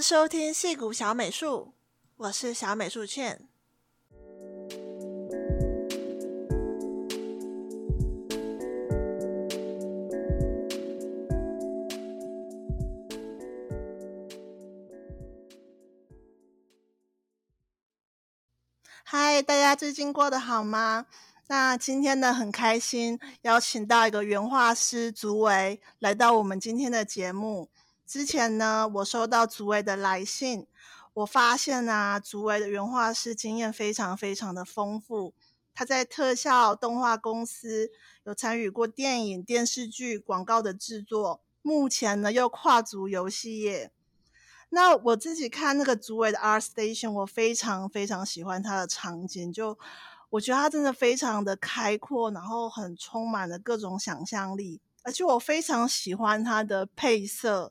收聽戲骨小美術，我是小美術倩。嗨，大家最近過得好嗎？那今天呢，很開心邀請到一個原畫師族維來到我們今天的節目。之前呢，我收到族維的來信，我發現啊，族維的原畫師經驗非常非常的豐富。他在特效動畫公司有參與過電影、電視劇、廣告的制作，目前呢又跨足遊戲業。那我自己看那個族維的 ArtStation，我非常非常喜歡他的場景，就我覺得他真的非常的開闊，然後很充滿了各種想象力，而且我非常喜歡他的配色。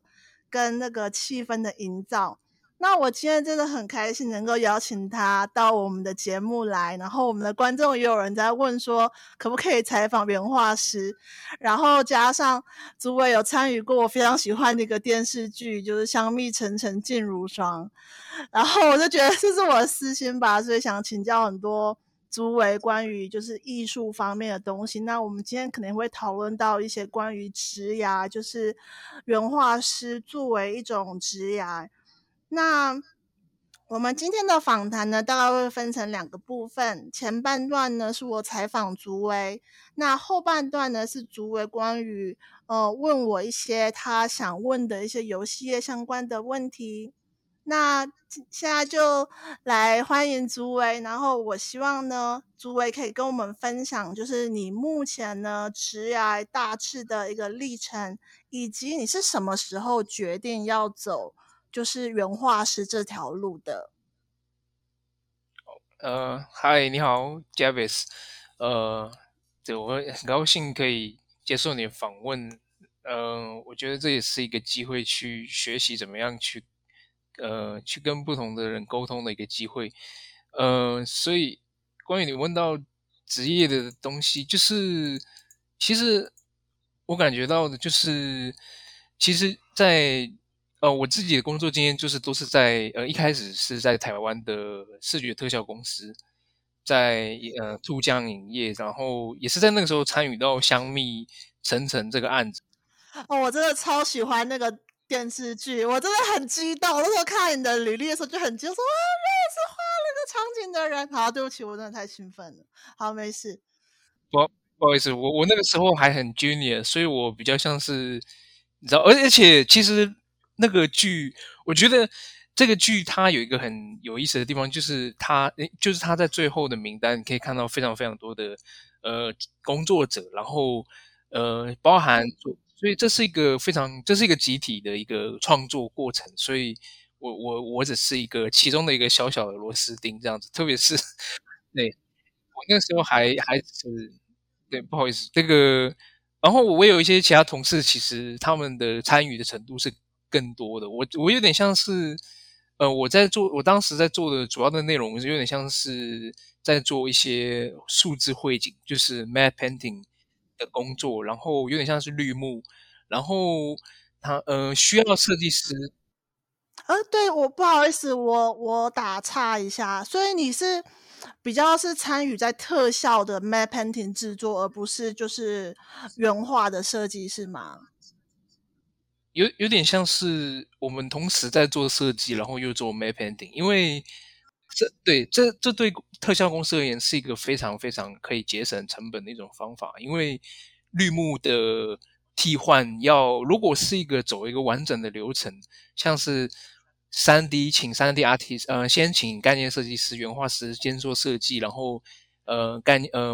跟那個氣氛的營造，那我今天真的很開心能夠邀請他到我們的節目來，然後我們的觀眾也有人在問說可不可以採訪原畫師，然後加上族維有參與過我非常喜歡的一個電視劇，就是《香蜜沉沉燼如霜》，然後我就覺得這是我的私心吧，所以想請教很多。族維關於就是藝術方面的東西，那我們今天可能會討論到一些關於職涯，就是原畫師作為一種職業。那我們今天的訪談呢，大概會分成兩個部分，前半段呢是我採訪族維，那後半段呢是族維關於呃問我一些他想問的一些遊戲業相關的問題。那現在就來歡迎族維。然後我希望呢，族維可以跟我們分享，就是你目前呢職涯大致的一個歷程，以及你是什麼時候決定要走就是原畫師這條路的。呃，嗨，你好，Javis。呃，對我很高興可以接受你的訪問。呃，我覺得這也是一個機會去學習怎麼樣去。呃，去跟不同的人溝通的一個機會，呃，所以關於你問到職業的東西，就是其實我感覺到的，就是其實在，在呃，我自己的工作經驗就是都是在呃，一開始是在台灣的視覺特效公司，在呃，兔將影業，然後也是在那個時候參與到香蜜沉沉這個案子。哦，我真的超喜歡那個。電視劇，我真的很激動。我那時候看你的履歷的時候就很激動，說哇，是畫了個場景的人。好，對不起，我真的很太興奮了。好，沒事。不，不好意思，我我那個時候還很 junior，所以我比較像是你知道。而而且其實那個劇，我覺得這個劇它有一個很有意思的地方，就是它就是它在最後的名單你可以看到非常非常多的呃工作者，然後呃包含。所以這是一個非常，這是一個集體的一個創作過程。所以我我我只是一個其中的一個小小的螺絲釘這樣子。特別是，對，我那時候還還是，對，不好意思，這個。然後我有一些其他同事，其實他們的參與的程度是更多的。我我有點像是，呃，我在做，我當時在做的主要的內容是有點像是在做一些數字繪景，就是 matte painting。的工作，然後有點像是綠幕，然後他呃需要設計師、哦、呃對我不好意思，我我打岔一下，所以你是比較是參與在特效的 matte painting 製作，而不是就是原畫的設計，是嗎？有有點像是我們同時在做設計，然後又做 matte painting，因為。這對這這對特效公司而言，是一個非常非常可以節省成本的一種方法，因為綠幕的替換要如果是一個走一個完整的流程，像是三 D 3D，請三 D artist，呃，先請概念設計師、原畫師先做設計，然後呃概呃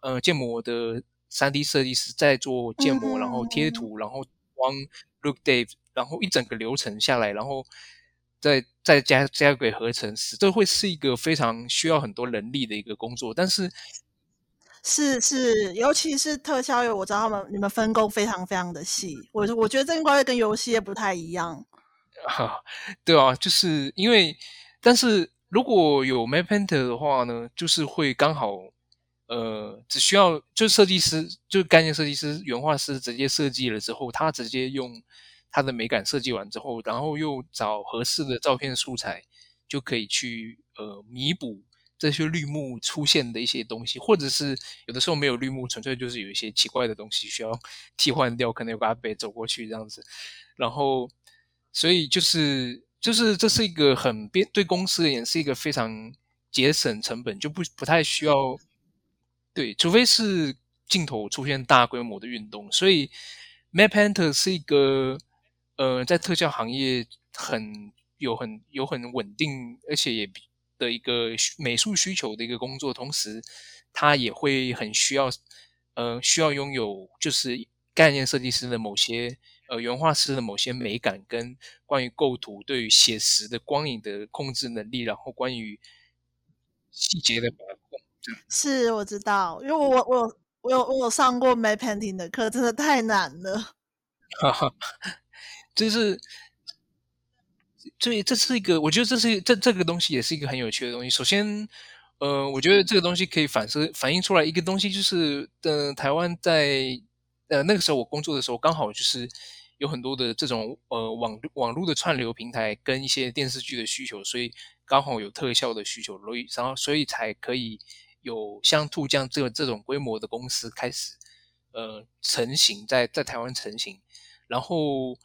呃建模的三 D 設計師再做建模，然後貼圖，然後往 Look Dev，然後一整個流程下來，然後。再再加加給合成師，這會是一個非常需要很多人力的一個工作。但是，是是，尤其是特效業，我知道他們你們分工非常非常的細。我我覺得這塊會跟遊戲也不太一樣。哈、啊，對啊，就是因為，但是如果有 Map Painter 的話呢，就是會剛好呃，只需要就設計師，就概念設計師、原畫師直接設計了之後，他直接用。它的美感設計完之後，然後又找合適的照片素材，就可以去呃彌補這些綠幕出現的一些東西，或者是有的時候沒有綠幕，純粹就是有一些奇怪的東西需要替換掉，可能有把貝走過去這樣子。然後，所以就是就是這是一個很對公司而言是一個非常節省成本，就不不太需要對，除非是鏡頭出現大規模的運動。所以，Matte Painting 是一個。呃，在特效行業很有很有很穩定，而且也的一個美術需求的一個工作，同時他也會很需要，呃，需要擁有就是概念設計師的某些，呃，原畫師的某些美感，跟關於構圖、對於寫實的光影的控制能力，然後關於細節的把控。是，我知道，因為我我我我有我有，我有上過 Matte Painting 的課，真的太難了。 這是，所以這是一個，我覺得這是這這個東西也是一個很有趣的東西。首先，呃，我覺得這個東西可以反射反映出來一個東西，就是呃，台灣在呃那個時候我工作的時候，剛好就是有很多的這種呃網網絡的串流平台跟一些電視劇的需求，所以剛好有特效的需求，所以然後所以才可以有像兔將這這種規模的公司開始呃成型，在在台灣成型，然後。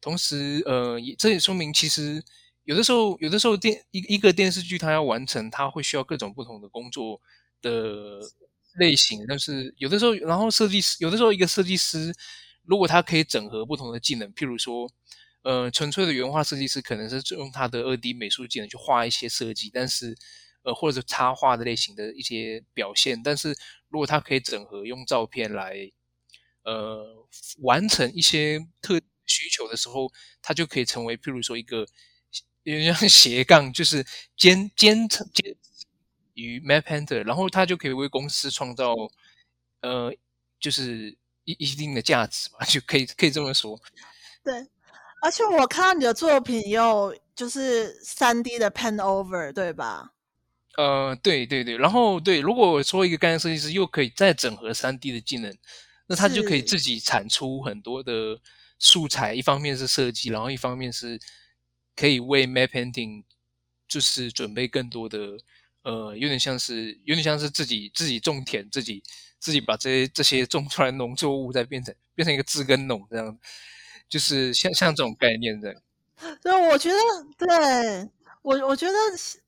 同時，呃，這也說明其實有的時候，有的時候電一一個電視劇它要完成，它會需要各種不同的工作的類型。但是有的時候，然後設計師有的時候一個設計師如果他可以整合不同的技能，譬如說，呃，純粹的原畫設計師可能是用他的 2D 美術技能去畫一些設計，但是呃，或者是插畫的類型的一些表現。但是如果他可以整合用照片來呃完成一些特。需求的時候，他就可以成為，譬如說一個像斜槓，就是兼兼兼於 map painter，然後他就可以為公司創造呃，就是一一定的價值吧，就可以可以這麼說。對，而且我看到你的作品有就是三 D 的 paint over，對吧？呃，對對對，然後對，如果說一個概念設計師又可以再整合三 D 的技能，那他就可以自己產出很多的。素材一方面是設計，然後一方面是可以為 map painting 就是準備更多的，呃，有點像是有點像是自己自己種田，自己自己把這些這些種出來農作物再變成變成一個自耕農這樣，就是像像這種概念這樣。所以我覺得對我我覺得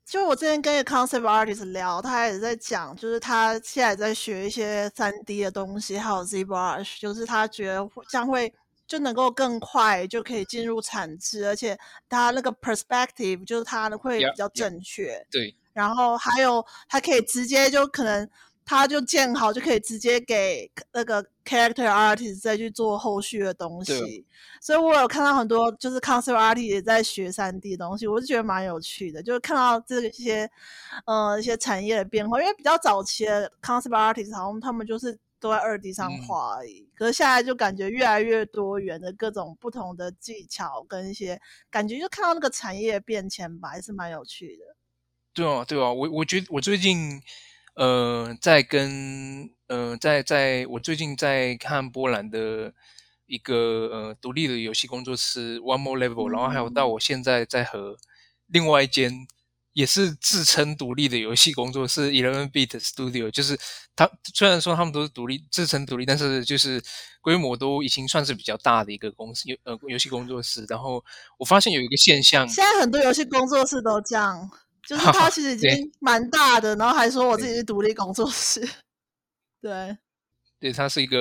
就我之前跟一個 concept artist 聊，他也在講，就是他現在在學一些三 D 的東西，還有 Z brush，就是他覺得將會。就能夠更快就可以進入產值，而且它那個 perspective 就是它會比較正確。Yeah, yeah. 對。然後還有他可以直接就可能它就建好就可以直接給那個 character artist 再去做後續的東西。對。所以我有看到很多就是 concept artist 也在學三 D 東西，我是覺得蠻有趣的，就是看到這些呃一些產業的變化，因為比較早期的 concept artist 好像他們就是，都在二 D 上畫，而已，嗯、可是現在就感覺越來越多元的各種不同的技巧跟一些感覺，就看到那個產業變遷吧，還是蠻有趣的。對哦、啊，對哦、啊，我我覺得我最近，呃，在跟呃在在我最近在看波蘭的一個呃獨立的遊戲工作室 One More Level，、嗯、然後還有到我現在在和另外一間。也是自稱獨立的遊戲工作室，11 bit studios，就是他雖然說他們都是獨立、自稱獨立，但是就是規模都已經算是比較大的一個公司，遊呃遊戲工作室。然後我發現有一個現象，現在很多遊戲工作室都這樣，就是他其實已經蠻大的，然後還說我自己是獨立工作室。對，對，他是一個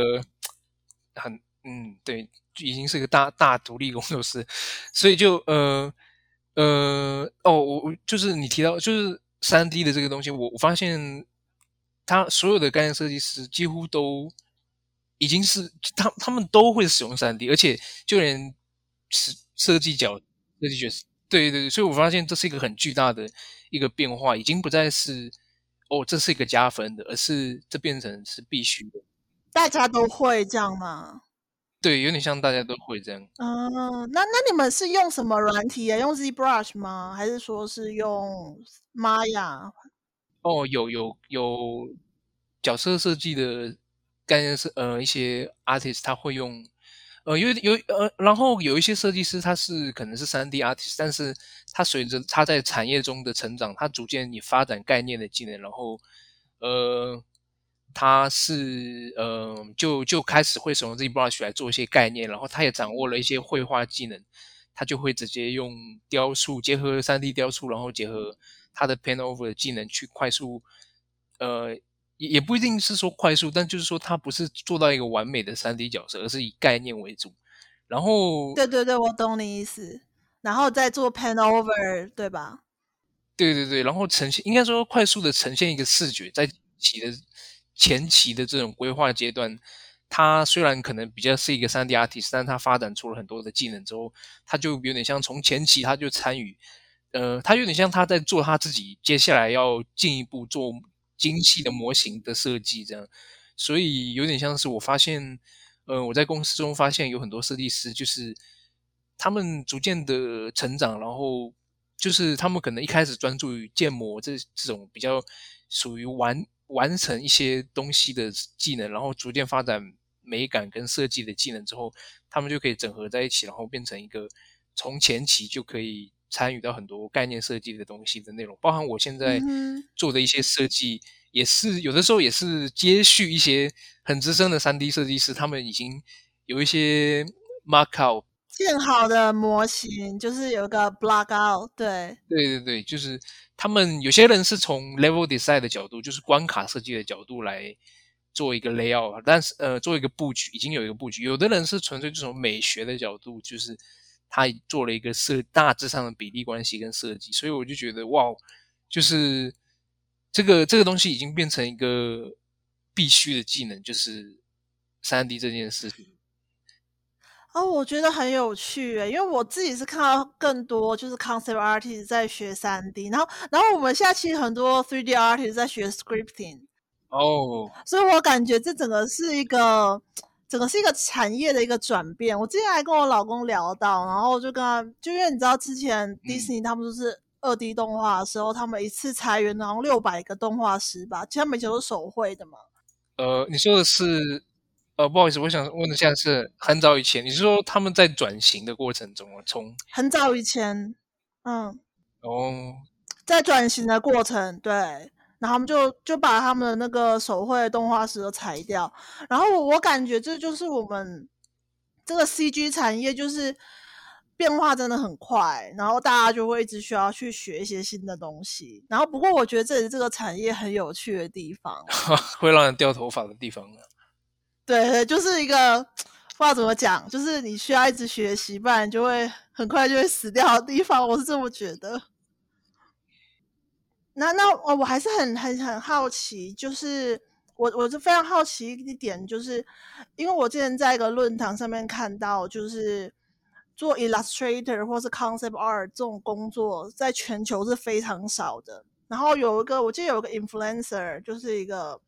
很嗯，對，已經是一個大大獨立工作室，所以就呃。呃哦，我就是你提到就是三 D 的這個東西，我我發現他所有的概念設計師幾乎都已經是他，他們都會使用三 D，而且就連設設計角設計角色，對對對，所以我發現這是一個很巨大的一個變化，已經不再是哦這是一個加分的，而是這變成是必須的。大家都會這樣嗎？嗯對，有點像大家都會這樣。嗯、哦，那那你們是用什麼軟體啊？用 ZBrush 嗎？還是說是用 Maya？哦，有有有角色設計的概念是呃一些 artist 他會用，呃，有有呃，然後有一些設計師他是可能是 3D artist，但是他隨着他在產業中的成長，他逐漸也發展概念的技能，然後呃。他是呃，就就開始會使用 ZBrush 來做一些概念，然後他也掌握了一些繪畫技能，他就會直接用雕塑結合 3D 雕塑，然後結合他的 paint over 技能去快速，呃，也也不一定是說快速，但就是說他不是做到一個完美的 3D 角色，而是以概念為主。然後對對對，我懂你意思，然後再做 paint over，對吧？對對對，然後呈現應該說快速的呈現一個視覺在一起的。前期的這種規劃階段，他雖然可能比較是一個 3D artist，但他發展出了很多的技能之後，他就有點像從前期他就參與，呃，他有點像他在做他自己接下來要進一步做精細的模型的設計這樣，所以有點像是我發現，呃，我在公司中發現有很多設計師就是他們逐漸的成長，然後就是他們可能一開始專注於建模這這種比較屬於玩，完成一些東西的技能，然後逐漸發展美感跟設計的技能之後，他們就可以整合在一起，然後變成一個從前期就可以參與到很多概念設計的東西的內容。包含我現在做的一些設計，嗯、也是有的時候也是接續一些很資深的三 D 設計師，他們已經有一些 mark out 建好的模型，就是有一個 block out，對，對對對，就是。他們有些人是從 level design 的角度，就是關卡設計的角度來做一個 layout，但是呃，做一個布局已經有一個布局。有的人是純粹這種美學的角度，就是他做了一個設大致上的比例關係跟設計。所以我就覺得哇，就是這個這個東西已經變成一個必須的技能，就是 3D 這件事情。哦、oh，我覺得很有趣誒，因為我自己是看到更多就是 concept artist 在學 3D，然後然後我們現在其實很多 3D artist 在學 scripting。哦、oh，所以我感覺這整個是一個整個是一個產業的一個轉變。我之前還跟我老公聊到，然後我就跟他，就因為你知道之前迪士尼他們都是 2D 動畫的時候，嗯、他們一次裁員然後六百個動畫師吧，其實他們以前都是手繪的嘛。呃，你說的是？呃、哦，不好意思，我想問一下，是很早以前，你是說他們在轉型的過程中嗎？從很早以前，嗯，哦、oh.，在轉型的過程，對，然後他們就就把他們的那個手繪動畫師都裁掉，然後我我感覺這就是我們這個 CG 產業就是變化真的很快，然後大家就會一直需要去學一些新的東西，然後不過我覺得這裡這個產業很有趣的地方， 會讓人掉頭髮的地方呢。對，對，就是一個不知道怎麼講，就是你需要一直學習，不然就會很快就會死掉的地方。我是這麼覺得。那那我、哦、我還是很很很好奇，就是我我就非常好奇一點，就是因為我之前在一個論壇上面看到，就是做 Illustrator 或是 Concept Art 這種工作，在全球是非常少的。然後有一個，我記得有個 Influencer，就是一個。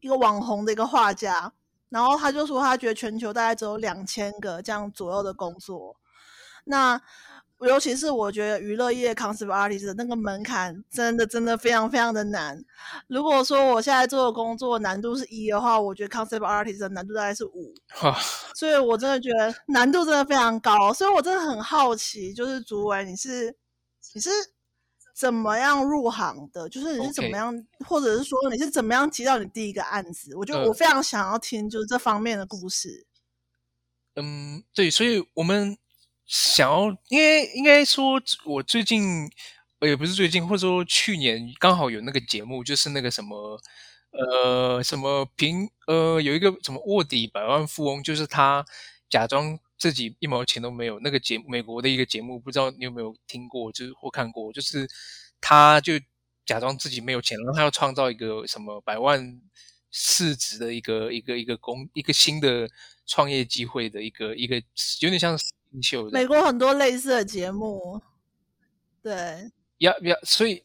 一個網紅的一個畫家，然後他就說，他覺得全球大概只有兩千個這樣左右的工作。那尤其是我覺得娛樂業 concept artist 的那個門檻真的真的非常非常的難。如果說我現在做的工作難度是一的話，我覺得 concept artist 的難度大概是五。 所以，我真的覺得難度真的非常高。所以我真的很好奇，就是族維你是你是。你是怎麼樣入行的？就是你是怎麼樣，Okay. 或者是說你是怎麼樣提到你第一個案子？我覺得我非常想要聽就是這方面的故事。呃、嗯，對，所以我們想要，因為應該說，我最近也、呃、不是最近，或者說去年剛好有那個節目，就是那個什麼呃什麼平，呃有一個什麼臥底百萬富翁，就是他假裝。自己一毛錢都沒有，那個節美國的一個節目，不知道你有沒有聽過，就是或看過，就是他就假裝自己沒有錢，然後他要創造一個什麼百萬市值的一個一個一個工，一個新的創業機會的一個一個有點像實境秀的。美國很多類似的節目，對，要、yeah, 要、yeah, 所以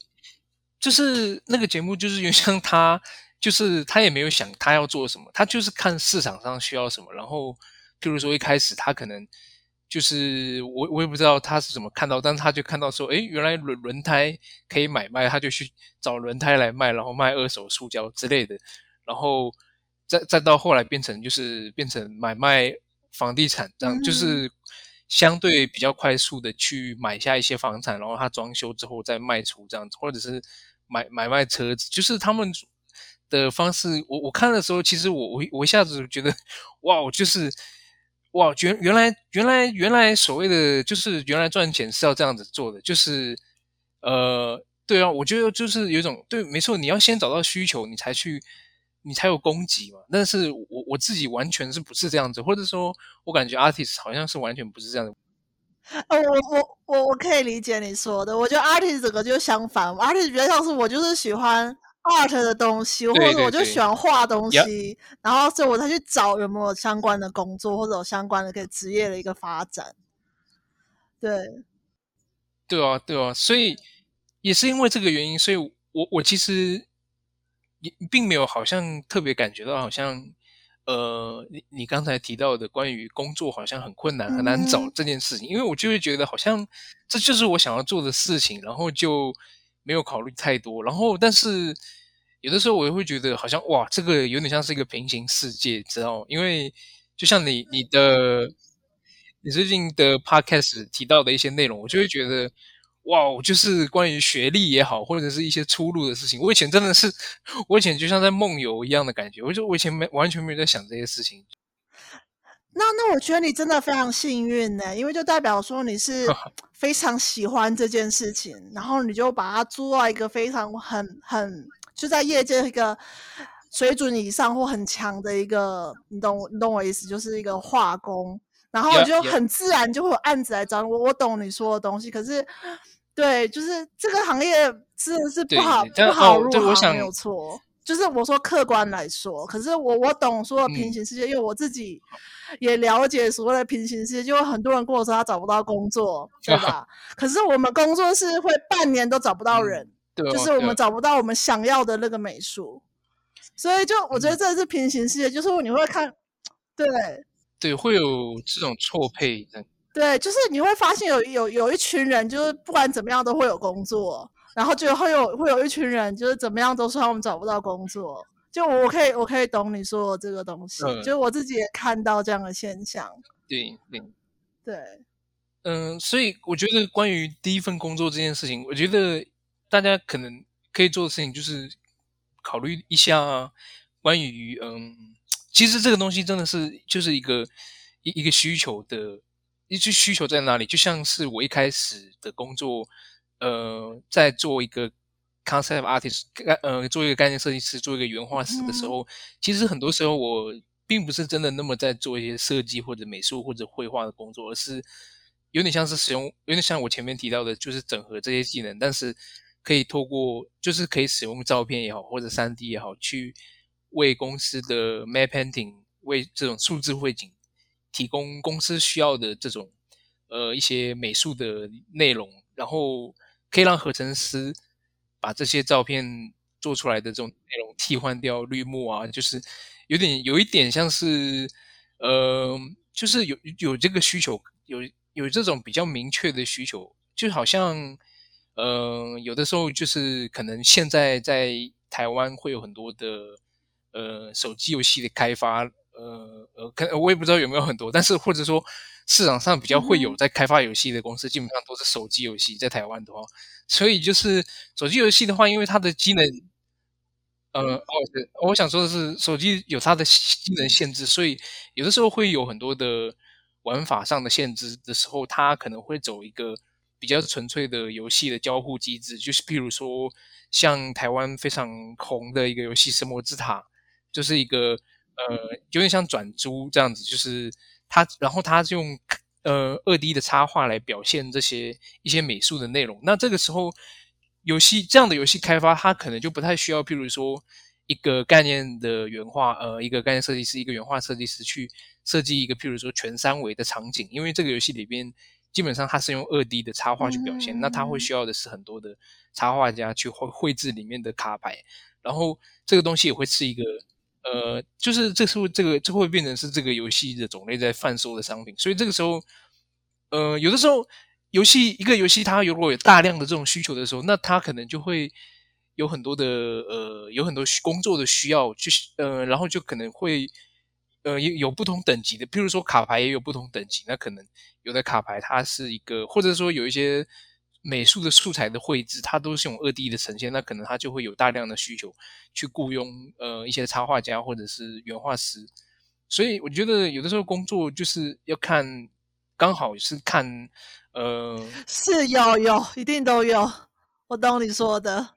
就是那個節目就是有點像他，就是他也沒有想他要做什麼，他就是看市場上需要什麼，然後。譬如說，一開始他可能就是我，我也不知道他是怎麼看到，但是他就看到說，哎，原來輪輪胎可以買賣，他就去找輪胎來賣，然後賣二手塑膠之類的，然後再再到後來變成就是變成買賣房地產，這樣、嗯、就是相對比較快速的去買下一些房產，然後他裝修之後再賣出這樣子，或者是買買賣車子，就是他們的方式。我我看的時候，其實我我我一下子就覺得，哇，就是。哇，原原來原來原來所謂的就是原來賺錢是要這樣子做的，就是，呃，對啊，我覺得就是有一種，對，沒錯，你要先找到需求，你才去，你才有供給嘛。但是我我自己完全是不是這樣子，或者說，我感覺 artist 好像是完全不是這樣哦、呃，我我我我可以理解你說的，我覺得 artist 整個就相反，artist 比較像是我就是喜歡。art 的東西，或者我就喜歡畫東西，對對對 yeah. 然後所以我才去找有沒有相關的工作，或者有相關的可以職業的一個發展。對，對啊對啊，所以也是因為這個原因，所以我我其實也並沒有好像特別感覺到好像，呃，你你剛才提到的關於工作好像很困難，mm -hmm. 很難找這件事情，因為我就會覺得好像這就是我想要做的事情，然後就。沒有考慮太多，然後但是有的時候我也會覺得好像哇，這個有點像是一個平行世界，知道嗎？因為就像你你的你最近的 podcast 提到的一些內容，我就會覺得哇，我就是關於學歷也好，或者是一些出路的事情，我以前真的是我以前就像在夢遊一樣的感覺，我就我以前沒完全沒有在想這些事情。那那我覺得你真的非常幸運呢、欸，因為就代表說你是非常喜歡這件事情，呵呵然後你就把它做到一個非常很很就在業界一個水準以上或很強的一個，你懂你懂我意思，就是一個畫工，然後我就很自然就會有案子來找我。Yeah, yeah. 我懂你說的東西，可是對，就是這個行業真的是不好不好入、啊哦想，沒有錯。就是我說客觀來說，可是我我懂說平行世界、嗯，因為我自己也了解所謂的平行世界，就很多人跟我說他找不到工作，對吧、啊？可是我們工作室會半年都找不到人，嗯、對、哦，就是我們找不到我們想要的那個美術、哦，所以就我覺得這是平行世界，就是你會看，對，對，會有這種錯配的，對，就是你會發現有有有一群人，就是不管怎麼樣都會有工作。然後就會有會有一群人，就是怎麼樣都說我們找不到工作。就我可以我可以懂你說的這個東西、嗯，就我自己也看到這樣的現象。對對，對嗯，所以我覺得關於第一份工作這件事情，我覺得大家可能可以做的事情就是考慮一下、啊、關於嗯，其實這個東西真的是就是一個一一個需求的一支需求在哪裡？就像是我一開始的工作。呃，在做一個 concept artist，呃，做一個概念設計師，做一個原畫師的時候，嗯，其實很多時候我並不是真的那麼在做一些設計或者美術或者繪畫的工作，而是有點像是使用，有點像我前面提到的，就是整合這些技能，但是可以透過，就是可以使用照片也好，或者三 D 也好，去為公司的 map painting，為這種數字繪景提供公司需要的這種呃一些美術的內容，然後，可以讓合成師把這些照片做出來的這種內容替換掉綠幕啊，就是有點有一點像是，呃，就是有有這個需求，有有這種比較明確的需求，就好像，呃，有的時候就是可能現在在台灣會有很多的，呃，手機遊戲的開發，呃呃，可我也不知道有沒有很多，但是或者說。市場上比較會有在開发遊戲的公司、嗯，基本上都是手機遊戲，在台灣的話，所以就是手機遊戲的話，因為它的機能，呃，哦，我想說的是，手機有它的機能限制，所以有的時候會有很多的玩法上的限制的時候，它可能會走一個比較純粹的遊戲的交互機制，就是譬如說像台灣非常紅的一個遊戲《神魔之塔》，就是一個呃，有點像轉珠這樣子，就是。他然後他是用呃二 D 的插畫來表現這些一些美術的內容。那這個時候遊戲這樣的遊戲開發，它可能就不太需要，譬如說一個概念的原畫，呃，一個概念設計師，一個原畫設計師去設計一個，譬如說全三維的場景，因為這個遊戲裡邊基本上它是用二 D 的插畫去表現，嗯。那他會需要的是很多的插畫家去繪繪製裡面的卡牌，然後這個東西也會是一個。呃，就是這時候，這個就會變成是這個遊戲的種類在販售的商品，所以這個時候，呃，有的時候遊戲一個遊戲它如果有大量的這種需求的時候，那它可能就會有很多的呃，有很多工作的需要去呃，然後就可能會呃有不同等級的，譬如說卡牌也有不同等級，那可能有的卡牌它是一個，或者說有一些。美術的素材的繪製，它都是用 2D 的呈現，那可能它就會有大量的需求去僱傭呃一些插畫家或者是原畫師，所以我覺得有的時候工作就是要看，剛好是看呃，是有有一定都有，我懂你說的，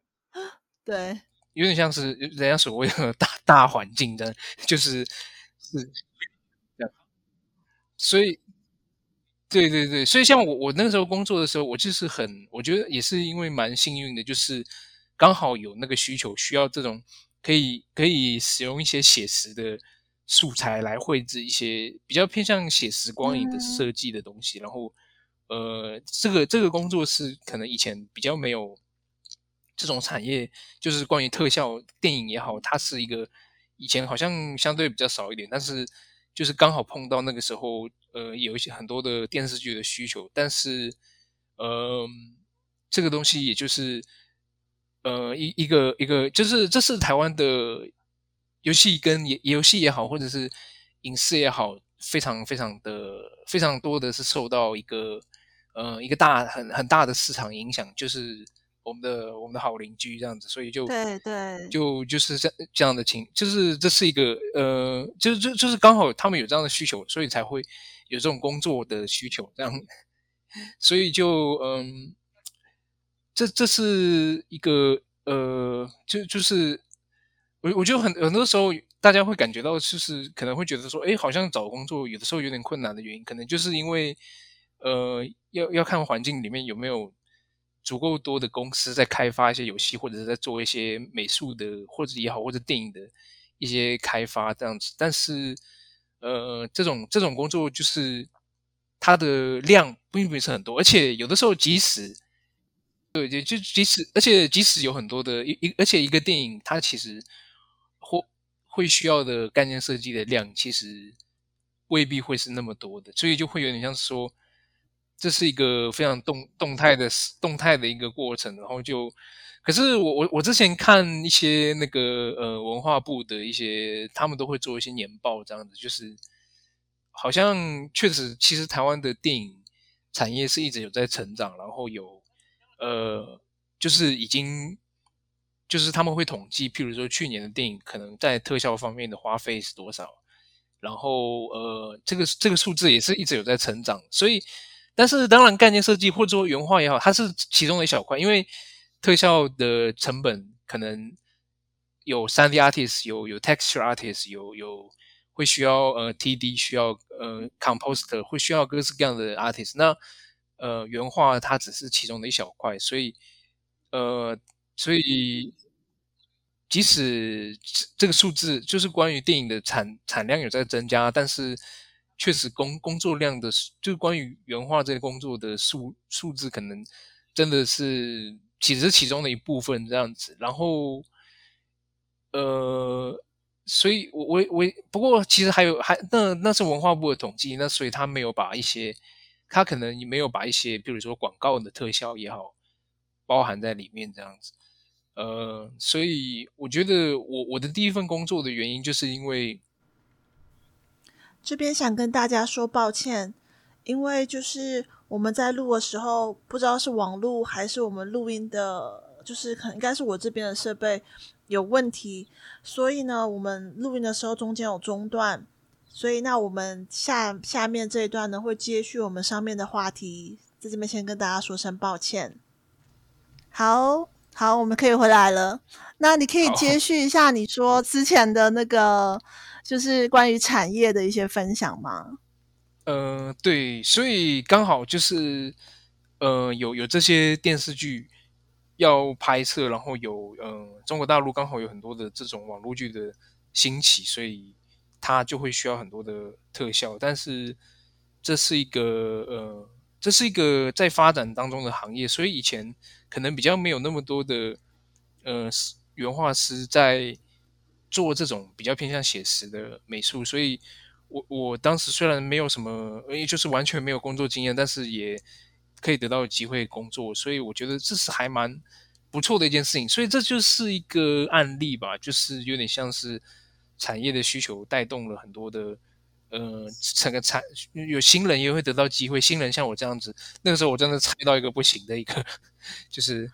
對，有點像是人家所謂的大大環境的，就是是，這樣。所以。對對對，所以像我我那個時候工作的時候，我就是很我覺得也是因為蠻幸運的，就是剛好有那個需求，需要這種可以可以使用一些寫實的素材來繪製一些比較偏向寫實光影的設計的東西，嗯、然後呃，這個這個工作是可能以前比較沒有這種產業，就是關於特效電影也好，它是一個以前好像相對比較少一點，但是。就是剛好碰到那個時候，呃，有一些很多的電視劇的需求，但是，呃，這個東西也就是，呃，一一個一個，就是這是台灣的遊戲跟遊遊戲也好，或者是影視也好，非常非常的非常多的是受到一個，呃，一個大很很大的市場影響，就是。我們的我們的好鄰居這樣子，所以就對對，就就是這樣的情，就是這是一個呃，就就就是剛好他們有這樣的需求，所以才會有這種工作的需求，這樣，所以就嗯，這這是一個呃，就就是我我覺得很很多時候大家會感覺到，就是可能會覺得說，哎，好像找工作有的時候有點困難的原因，可能就是因為呃，要要看環境裡面有沒有。足夠多的公司在開發一些遊戲，或者是在做一些美術的，或者也好，或者電影的一些開發這樣子。但是，呃，這種這種工作就是它的量並不是很多，而且有的時候即使對，就即使而且即使有很多的一一，而且一個電影它其實或會需要的概念設計的量其實未必會是那麼多的，所以就會有點像是說。這是一個非常動動態的動態的一個過程，然後就可是我我我之前看一些那個呃文化部的一些，他們都會做一些年報這樣子，就是好像確實其實台灣的電影產業是一直有在成長，然後有呃就是已經就是他們會統計，譬如說去年的電影可能在特效方面的花費是多少，然後呃這個這個數字也是一直有在成長，所以。但是，當然，概念設計或者說原畫也好，它是其中的一小塊。因為特效的成本可能有三 D artist，有有 texture artist，有有會需要呃 TD，需要呃 compositor，會需要各式各樣的 artist 那。那呃原畫它只是其中的一小塊，所以呃所以即使這個數字就是關於電影的產產量有在增加，但是。確實，工工作量的，就關於原畫這個工作的數數字，可能真的是只是其中的一部分這樣子。然後，呃，所以我我我，不過其實還有還那那是文化部的統計，那所以他沒有把一些，他可能也沒有把一些，比如說廣告的特效也好，包含在裡面這樣子。呃，所以我覺得我我的第一份工作的原因，就是因為。這邊想跟大家說抱歉，因為就是我們在錄的時候，不知道是網絡還是我們錄音的，就是可能應該是我這邊的設備有問題，所以呢，我們錄音的時候中間有中斷，所以那我們下下面這一段呢會接續我們上面的話題，在這邊先跟大家說聲抱歉。好好，我們可以回來了，那你可以接續一下你說之前的那個。就是關於產業的一些分享嗎？呃，對，所以剛好就是，呃，有有這些電視劇要拍攝，然後有呃，中國大陸剛好有很多的這種網絡劇的興起，所以它就會需要很多的特效。但是這是一個呃，這是一個在發展當中的行業，所以以前可能比較沒有那麼多的呃，原畫師在。做這種比較偏向寫實的美術，所以我我當時雖然沒有什麼，也就是完全沒有工作經驗，但是也可以得到機會工作，所以我覺得這是還蠻不錯的一件事情。所以這就是一個案例吧，就是有點像是產業的需求帶動了很多的，呃，整個產有新人也會得到機會，新人像我這樣子，那個時候我真的猜到一個不行的一個，就是。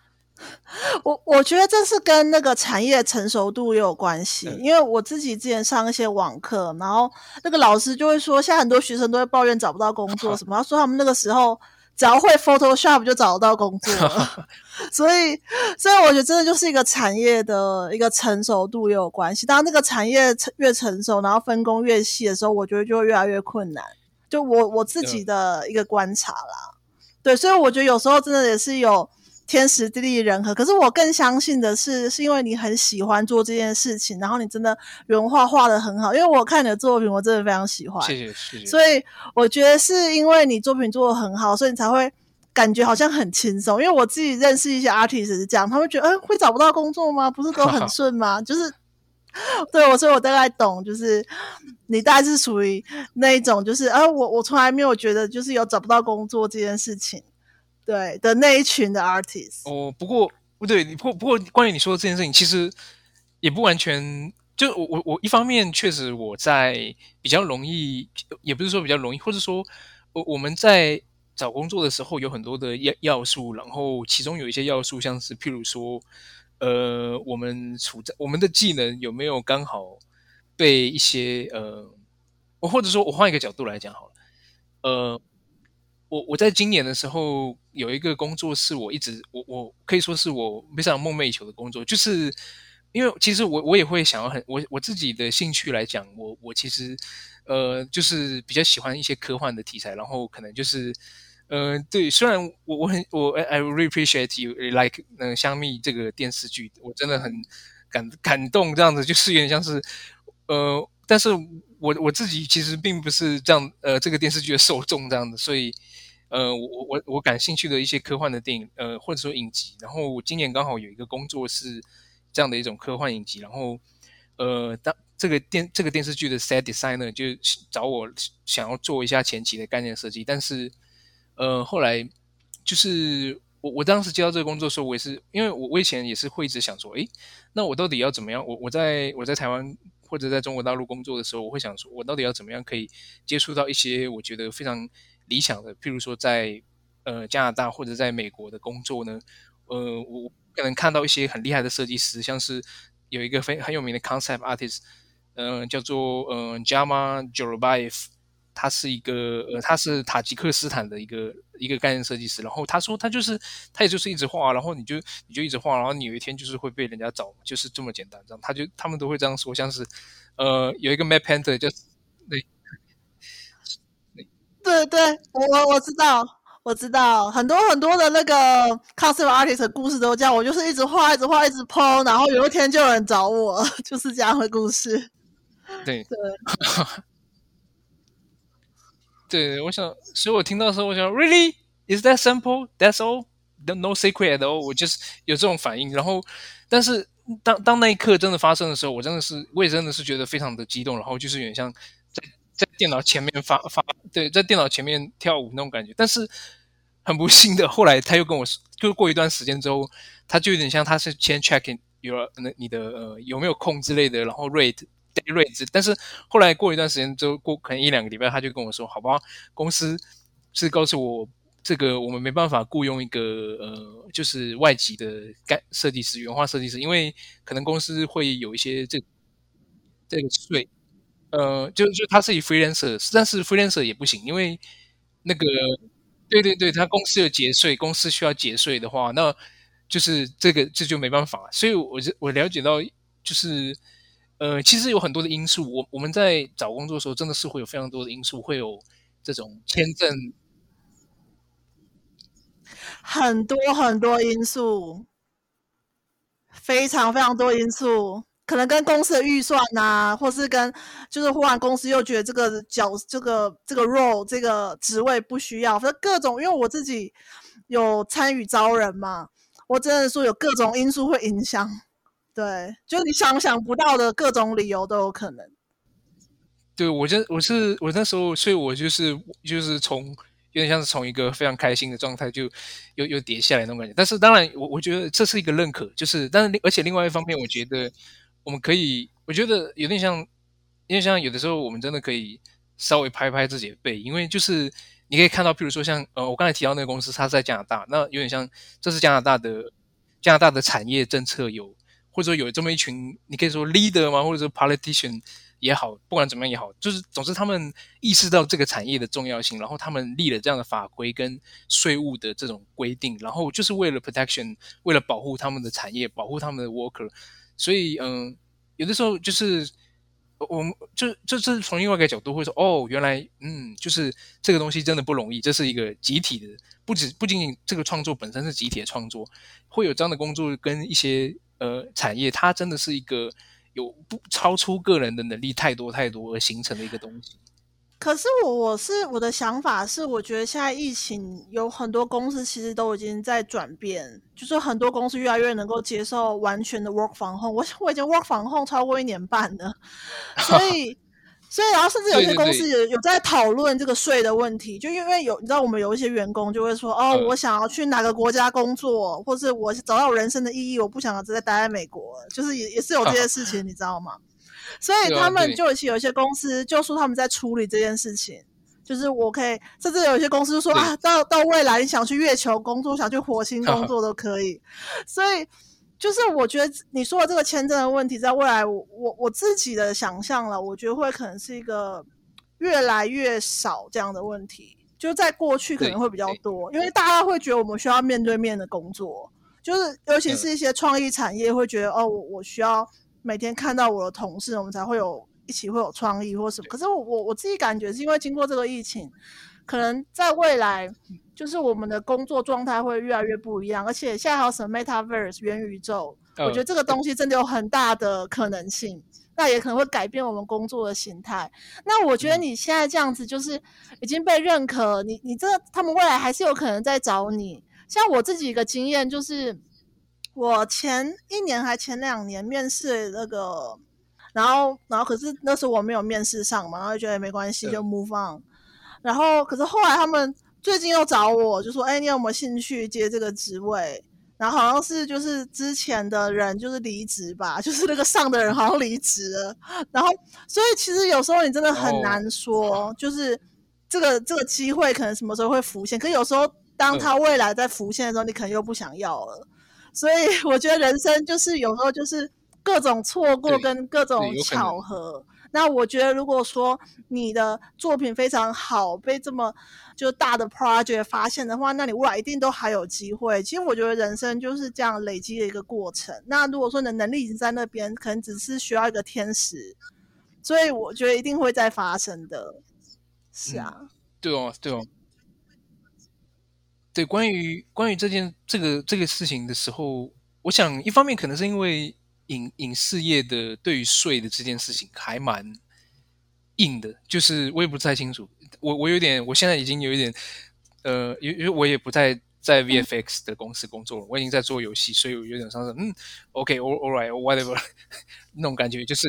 我我覺得這是跟那個產業成熟度也有關係，因為我自己之前上一些網課，然後那個老師就會說，現在很多學生都會抱怨找不到工作什麼，他說他們那個時候只要會 Photoshop 就找得到工作，所以所以我覺得真的就是一個產業的一個成熟度也有關係。當那個產業越成熟，然後分工越細的時候，我覺得就會越來越困難。就我我自己的一個觀察啦，對，所以我覺得有時候真的也是有。天時地利人和，可是我更相信的是，是因為你很喜歡做這件事情，然後你真的原畫畫得很好，因為我看你的作品，我真的非常喜歡。謝謝，謝謝。所以我覺得是因為你作品做得很好，所以你才會感覺好像很輕鬆。因為我自己認識一些 artist 講，他們會覺得，哎，會找不到工作嗎？不是都很順嗎？ 就是，對我、哦，所以我大概懂，就是你大概是屬於那一種，就是，啊、呃、我我從來沒有覺得就是有找不到工作這件事情。對的那一群的 artist 哦，不過不對，不過不過關於你說的這件事情，其實也不完全。就我我我一方面確實我在比較容易，也不是說比較容易，或是說我我們在找工作的時候有很多的要要素，然後其中有一些要素，像是譬如說，呃，我們處在我們的技能有沒有剛好被一些呃，或者說我換一個角度來講好了，呃。我我在今年的時候有一個工作，是我一直我我可以說是我非常夢寐以求的工作，就是因為其實我我也會想要很我我自己的興趣來講，我我其實呃就是比較喜歡一些科幻的題材，然後可能就是呃對，雖然我我很我 I really appreciate you like 那、呃、香蜜這個電視劇，我真的很感感動，這樣子就是有點像是呃，但是我我自己其實並不是這樣呃這個電視劇的受眾這樣子，所以。呃，我我我我感興趣的一些科幻的電影，呃，或者說影集。然後我今年剛好有一個工作是這樣的一種科幻影集。然後，呃，當這個電這個電視劇的 set designer 就找我想要做一下前期的概念設計。但是，呃，後來就是我我當時接到這個工作的時候，我也是因為我我以前也是會一直想說，誒，那我到底要怎麼樣？我我在我在台灣或者在中國大陸工作的時候，我會想說，我到底要怎麼樣可以接觸到一些我覺得非常。理想的，譬如說在呃加拿大或者在美國的工作呢，呃，我可能看到一些很厲害的設計師，像是有一個非很有名的 concept artist，嗯、呃，叫做嗯、呃、Jama Jurabaev 他是一個、呃，他是塔吉克斯坦的一個一個概念設計師，然後他說他就是他也就是一直畫，然後你就你就一直畫，然後你有一天就是會被人家找，就是這麼簡單這樣，他就他們都會這樣說，像是呃有一個 matte painter 就對對，我我我知道，我知道很多很多的那個 concept artist 的故事都這樣，我就是一直畫，一直畫，一直 PO，然後有一天就有人找我，就是這樣的故事。對對， 對，我想，所以我聽到的時候，我想，Really? Is that simple? That's all? No secret at all? 我就是有這種反應。然後，但是當當那一刻真的發生的時候，我真的是，我也真的是覺得非常的激動，然後就是有點像。在電腦前面發發，對，在電腦前面跳舞那種感覺，但是很不幸的，後來他又跟我說，就過一段時間之後，他就有點像他是先 checking your 那你的呃有沒有空之類的，然後 rate day rate，但是後來過一段時間之後，過可能一兩個禮拜，他就跟我說，好吧，公司是告訴我這個我們沒辦法雇傭一個呃就是外籍的干設計師、原畫設計師，因為可能公司會有一些這個、這個稅。呃，就就他是以 freelancer，但是 freelancer 也不行，因為那個，對對對，他公司有結稅，公司需要結稅的話，那就是這個這就沒辦法。所以我就我了解到，就是呃，其實有很多的因素，我我們在找工作的時候，真的是會有非常多的因素，會有這種簽證，很多很多因素，非常非常多因素。可能跟公司的預算啊，或是跟就是忽然公司又覺得這個角這個這個 role 這個職位不需要，反正各種，因為我自己有參與招人嘛，我真的說有各種因素會影響，對，就是你想想不到的各種理由都有可能。對我就，就我是我那時候，所以我就是就是從有點像是從一個非常開心的狀態就又又跌下來那種感覺。但是當然我，我我覺得這是一個認可，就是但是而且另外一方面，我覺得，我們可以，我覺得有點像，因為像有的時候，我們真的可以稍微拍拍自己的背，因為就是你可以看到，譬如說像，像呃，我剛才提到那個公司，它是在加拿大，那有點像，這是加拿大的加拿大的產業政策有，或者說有這麼一群，你可以說 leader 嘛，或者說 politician 也好，不管怎麼樣也好，就是總之他們意識到這個產業的重要性，然後他們立了這樣的法規跟稅務的這種規定，然後就是為了 protection，為了保護他們的產業，保護他們的 worker。所以，嗯，有的時候就是，我，們就就是從另外一個角度會說，哦，原來，嗯，就是這個東西真的不容易，這是一個集體的，不止不僅僅這個創作本身是集體的創作，會有這樣的工作跟一些呃產業，它真的是一個有不超出個人的能力太多太多而形成的一個東西。可是我我是我的想法是，我覺得現在疫情有很多公司其實都已經在轉變，就是很多公司越來越能夠接受完全的 work from home，我我已經 work from home 超過一年半了， 所以所以然後甚至有些公司有有在討論這個稅的問題， 對對對就因為有你知道我們有一些員工就會說哦、嗯，我想要去哪個國家工作，或是我找到我人生的意義，我不想要再待在美國，就是也也是有這些事情， 你知道嗎？所以他們就有一些公司就說他們在處理這件事情，就是我可以，甚至有一些公司就說啊，到到未來你想去月球工作、想去火星工作都可以。所以就是我覺得你說的這個簽證的問題，在未來我我我自己的想象了，我覺得會可能是一個越來越少這樣的問題，就在過去可能會比較多，因為大家會覺得我們需要面對面的工作，就是尤其是一些創意產業會覺得哦，我我需要。每天看到我的同事，我們才會有一起會有創意或什麼。可是我我我自己感覺是因為經過這個疫情，可能在未來就是我們的工作狀態會越來越不一樣。而且現在還有什麼 Metaverse 元宇宙，呃，我覺得這個東西真的有很大的可能性，那也可能會改變我們工作的形態。那我覺得你現在這樣子就是已經被認可，嗯，你你這個他們未來還是有可能在找你。像我自己一個經驗就是。我前一年還前兩年面試那個，然後然後可是那時候我沒有面試上嘛，然後就覺得、欸、沒關係就 move on，嗯、然後可是後來他們最近又找我，就說哎、欸，你有沒有興趣接這個職位？然後好像是就是之前的人就是離職吧，就是那個上的人好像離職了，然後所以其實有時候你真的很難說，就是這個這個機會可能什麼時候會浮現，可有時候當他未來在浮現的時候，你可能又不想要了。所以我覺得人生就是有時候就是各種錯過跟各種巧合。那我覺得如果說你的作品非常好，被這麼就大的 project 發現的話，那你未來一定都還有機會。其實我覺得人生就是這樣累積的一個過程。那如果說你的能力已經在那邊，可能只是需要一個天使。所以我覺得一定會再發生的。是啊。嗯、對哦，對哦。對，關於關於這件這個這個事情的時候，我想一方面可能是因為影影視業的對於稅的這件事情還蠻硬的，就是我也不太清楚，我我有點，我現在已經有一點，呃，因因為我也不在在 VFX 的公司工作了，嗯，我已經在做遊戲，所以我有點像是嗯，OK，all、all, alright，whatever 那種感覺，就是、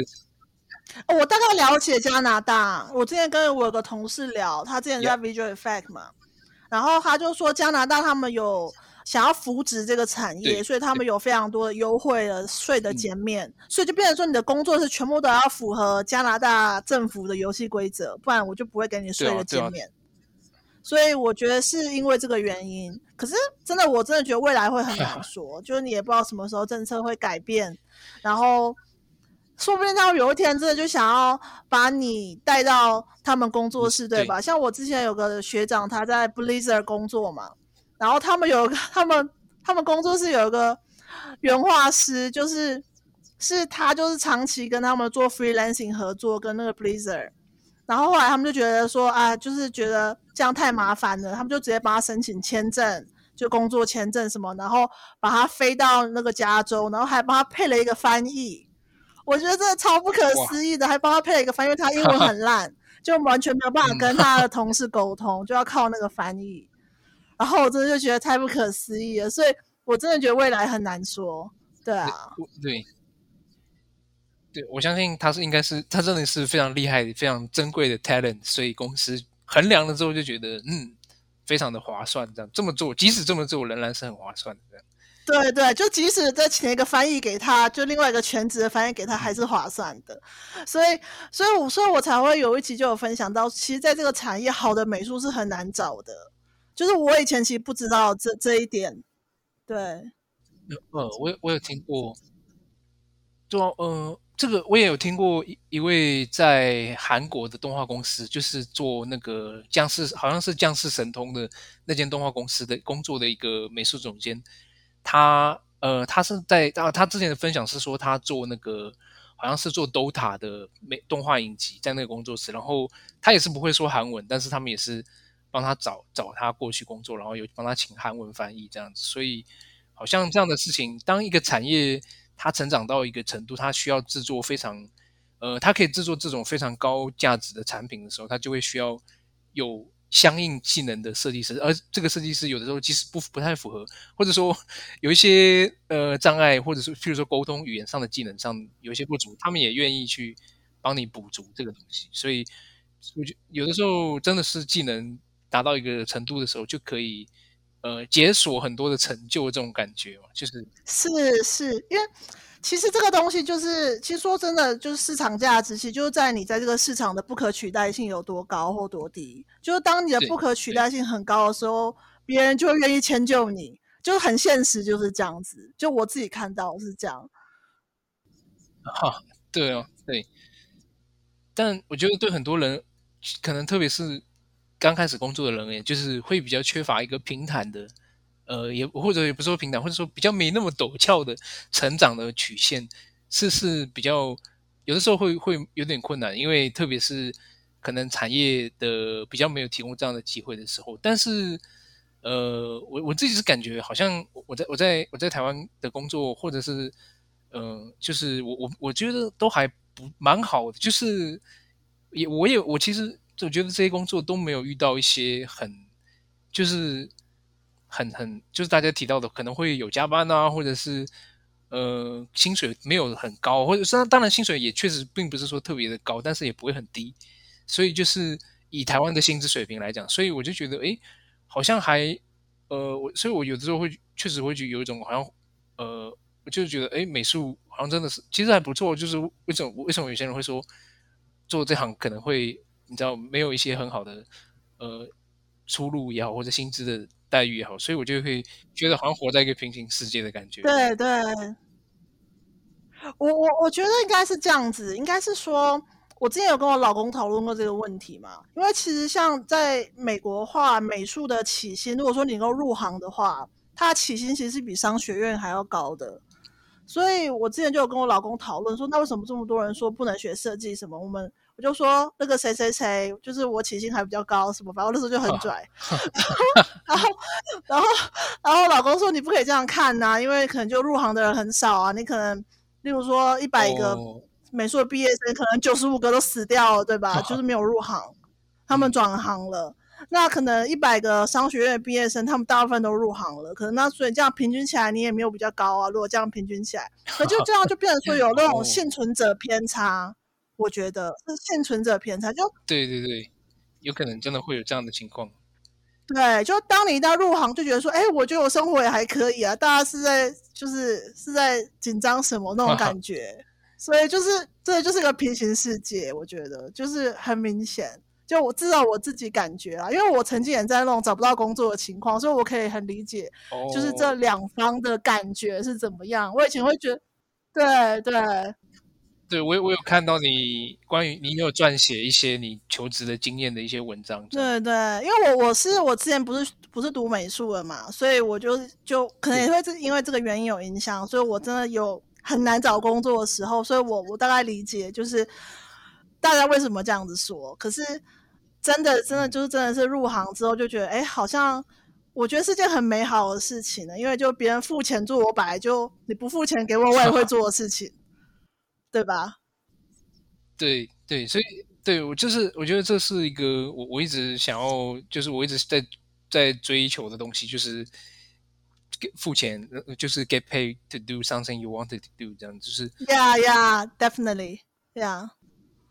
哦、我大概了解加拿大，我之前跟我有個同事聊，他之前在 Visual Effect 嘛。然後他就說，加拿大他們有想要扶植這個產業，所以他們有非常多的優惠的稅的減免、嗯，所以就變成說你的工作是全部都要符合加拿大政府的遊戲規則，不然我就不會給你稅的減免。啊啊、所以我覺得是因為這個原因。可是真的，我真的覺得未來會很難說，啊、就是你也不知道什麼時候政策會改變，然後。說不定到有一天真的就想要把你帶到他們工作室對，對吧？像我之前有個學長，他在 Blizzard 工作嘛，然後他們有個他們他們工作室有一個原畫師，就是是他就是長期跟他們做 freelancing 合作，跟那個 Blizzard。然後後來他們就覺得說，啊，就是覺得這樣太麻煩了，他們就直接幫他申請簽證，就工作簽證什麼，然後把他飛到那個加州，然後還幫他配了一個翻譯。我覺得這超不可思議的，還幫他配了一個翻譯，因為他英文很爛，就完全沒有辦法跟他的同事溝通，嗯，就要靠那個翻譯。然後我真的就覺得太不可思議了，所以我真的覺得未來很難說。對啊，對，對，對我相信他是應該是他真的是非常厲害、非常珍貴的 talent，所以公司衡量了之後就覺得嗯，非常的划算，這樣這麼做，即使這麼做仍然是很划算的這樣。對對，就即使再請一個翻譯給他，就另外一個全職的翻譯給他，還是划算的。嗯。所以，所以我所以我才會有一期就有分享到，其實，在這個產業，好的美術是很難找的。就是我以前其實不知道這這一點，對。呃，我有我有聽過，就呃，這個我也有聽過一一位在韓國的動畫公司，就是做那個《僵屍》，好像是《僵屍神通》的那間動畫公司的工作的一個美術總監。他呃，他是在啊，他之前的分享是說他做那個好像是做 DOTA 的美動畫影集，在那個工作室，然後他也是不會說韓文，但是他們也是幫他找找他過去工作，然後有幫他請韓文翻譯這樣子，所以好像這樣的事情，當一個產業它成長到一個程度，它需要制作非常呃，它可以制作這種非常高價值的產品的時候，它就會需要有。相應技能的設計師，而這個設計師有的時候其實不不太符合，或者說有一些呃障礙，或者是譬如說溝通語言上的技能上有一些不足，他們也願意去幫你補足這個東西。所以我覺得有的時候真的是技能達到一個程度的時候，就可以呃解鎖很多的成就的這種感覺嘛，就是是是因為。其實這個東西就是，其實說真的，就是市場價值，其實就是在你在這個市場的不可取代性有多高或多低。就是當你的不可取代性很高的時候，別人就會願意遷就你。就是很現實，就是這樣子。就我自己看到是這樣。哈、啊，對哦，對。但我覺得對很多人，可能特別是剛開始工作的人員，就是會比較缺乏一個平坦的。呃，也或者也不是說平坦，或者說比較沒那麼陡峭的成長的曲線，是是比較有的時候會會有點困難，因為特別是可能產業的比較沒有提供這樣的機會的時候。但是，呃，我我自己是感覺好像我在我在我在，我在台灣的工作，或者是呃，就是我我我覺得都還不蠻好的，就是也我也我其實總覺得這些工作都沒有遇到一些很就是。很很就是大家提到的，可能會有加班啊，或者是呃薪水沒有很高，或者是當然薪水也確實並不是說特別的高，但是也不會很低。所以就是以台灣的薪資水平來講，所以我就覺得哎，好像還呃我，所以我有的時候會確實會有一種好像呃，我就是覺得哎，美術好像真的是其實還不錯。就是為什麼為什麼有些人會說做這行可能會你知道沒有一些很好的呃出路也好，或者薪資的。待遇好，所以我就會覺得好像活在一個平行世界的感覺。對對，我我我覺得應該是這樣子，應該是說，我之前有跟我老公討論過這個問題嘛。因為其實像在美國的話，美術的起薪，如果說你能夠入行的話，它起薪其實是比商學院還要高的。所以我之前就有跟我老公討論說，那為什麼這麼多人說不能學設計什麼？我們我就說那個誰誰誰，就是我起薪還比較高什麼吧，反正我那時候就很拽。 然後，然後，然後，然後老公說，你不可以這樣看吶、啊，因為可能就入行的人很少啊，你可能例如說一百個美術的畢業生，oh. 可能九十五個都死掉了，對吧？Oh. 就是沒有入行，他們轉了行了。Oh. 那可能一百個商學院畢業生，他們大部分都入行了，可能那所以這樣平均起來你也沒有比較高啊。如果這樣平均起來，可、oh. 就這樣就變成說有那種倖存者偏差。Oh. 我覺得是倖存者偏差，就對對對，有可能真的會有這樣的情況。對，就當你一旦入行就覺得說，哎、欸，我覺得我生活也還可以啊，大家是在就是是在緊張什麼那種感覺，啊、所以就是這就是一個平行世界，我覺得就是很明顯。就我知道我自己感覺啊，因為我曾經也在那種找不到工作的情況，所以我可以很理解，就是這兩方的感覺是怎麼樣。哦、我以前會覺得，對對。對，我有我有看到你關於你有撰寫一些你求職的經驗的一些文章。對對，因為我我是我之前不是不是讀美術的嘛，所以我就就可能也會因為這個原因有影響，所以我真的有很難找工作的時候，所以我我大概理解就是大家為什麼這樣子說。可是真的真的就是真的是入行之後就覺得，哎，好像我覺得是件很美好的事情呢，因為就別人付錢做我本來就你不付錢給我我也會做的事情。 對吧？對對，所以對我就是我覺得這是一個我我一直想要就是我一直在在追求的東西，就是付錢，就是 get paid to do something you wanted to do，這樣就是。Yeah, yeah, definitely. yeah。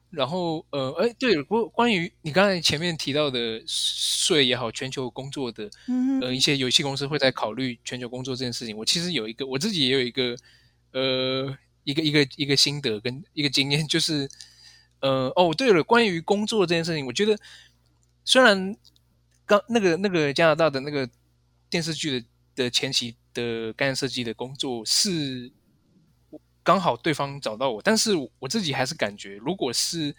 然後呃，哎，對，不過關於你剛才前面提到的稅也好，全球工作的嗯、mm -hmm. 呃、一些遊戲公司會在考慮全球工作這件事情，我其實有一個我自己也有一個呃。一個一個一個心得跟一個經驗，就是，呃，哦，對了，關於工作這件事情，我覺得雖然剛那個那個加拿大的那個電視劇的的前期的概念設計的工作是剛好對方找到我，但是我自己還是感覺，如果是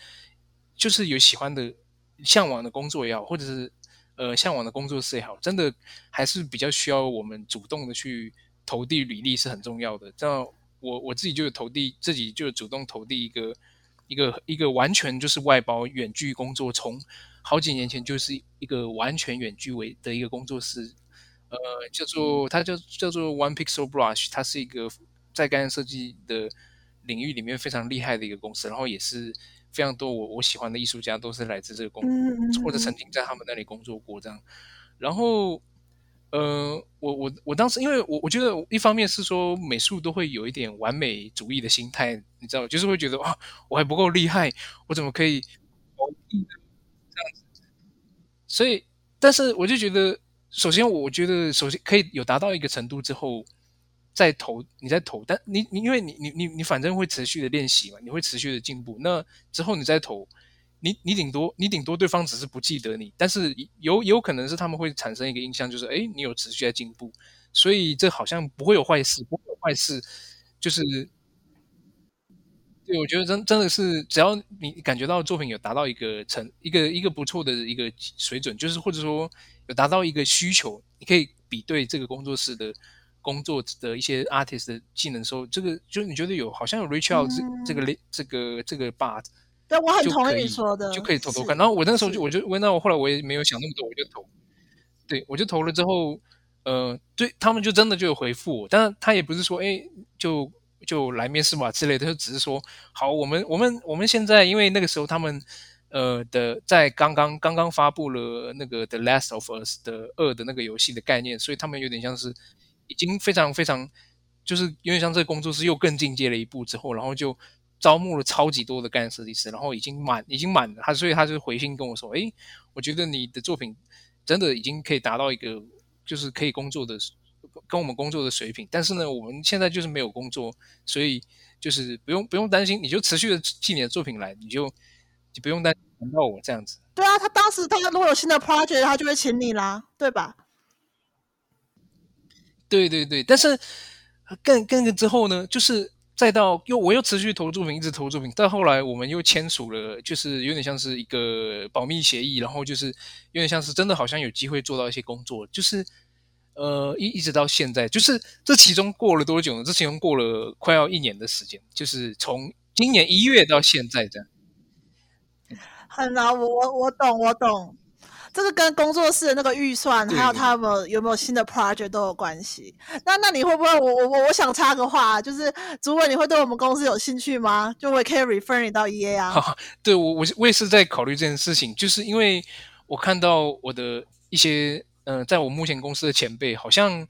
就是有喜歡的嚮往的工作也好，或者是呃嚮往的工作室也好，真的還是比較需要我們主動的去投遞履歷是很重要的。這樣。我我自己就是投遞，自己就主動投遞一個一個一個完全就是外包遠距工作，從好幾年前就是一個完全遠距為的一個工作室，呃，叫做它叫叫做 One Pixel Brush，它是一個在概念設計的領域裡面非常厲害的一個公司，然後也是非常多我我喜歡的藝術家都是來自這個公司或者曾經在他們那裡工作過這樣，然後。呃，我我我當時，因為我我覺得，一方面是說美術都會有一點完美主義的心態，你知道，就是會覺得啊，我還不夠厲害，我怎麼可以、哦、這樣子、所以，但是我就覺得，首先，我覺得首先可以有達到一個程度之後再投，你再投，但你你因為你你你你反正會持續的練習嘛，你會持續的進步，那之後你再投。你你頂多你頂多對方只是不記得你，但是有有可能是他們會產生一個印象，就是哎、欸，你有持續在進步，所以這好像不會有壞事，不會有壞事。就是，對，我覺得真真的是，只要你感覺到作品有達到一個成一個一個不錯的一個水準，就是或者說有達到一個需求，你可以比對這個工作室的工作的一些 artist 的技能的時候，這個就你覺得有好像有 reach out 這個嗯、這個這個這個 bar 但我很同意你說的，就可以偷偷看。然後我那個時候就我就問，那我後來我也沒有想那麼多，我就投。對，我就投了之後，呃，對，他們就真的就有回復我，但是他也不是說哎就就來面試嘛之類的，就只是說好，我們我們我們現在因為那個時候他們呃的在剛剛剛剛發布了那個《The Last of Us》的二的那個遊戲的概念，所以他們有點像是已經非常非常就是因為像這個工作室又更進階了一步之後，然後就。招募了超級多的概念設計師，然後已經滿，已經滿了。他所以他就回信跟我說：“誒，我覺得你的作品真的已經可以達到一個，就是可以工作的，跟我們工作的水平。但是呢，我們現在就是沒有工作，所以就是不用不用擔心，你就持續的寄你的作品來，你就就不用擔心到我這樣子。”對啊，他當時他如果有新的 project，他就會請你啦，對吧？對對對，但是跟跟了之後呢，就是。再到又我又持續投作品，一直投作品，但後來我們又簽署了，就是有點像是一個保密協議，然後就是有點像是真的好像有機會做到一些工作，就是呃一一直到現在，就是這其中過了多久呢？這其中過了快要一年的時間，就是從今年一月到現在這樣。很難，我我我懂，我懂。這個跟工作室的那個預算，還有他們有沒有新的 project 都有關係。那那你會不會？我我我我想插個話，就是主管，你會對我們公司有興趣嗎？就我也可以 refer 你到 EA 啊？對，我我我也是在考慮這件事情，就是因為我看到我的一些嗯、呃，在我目前公司的前輩，好像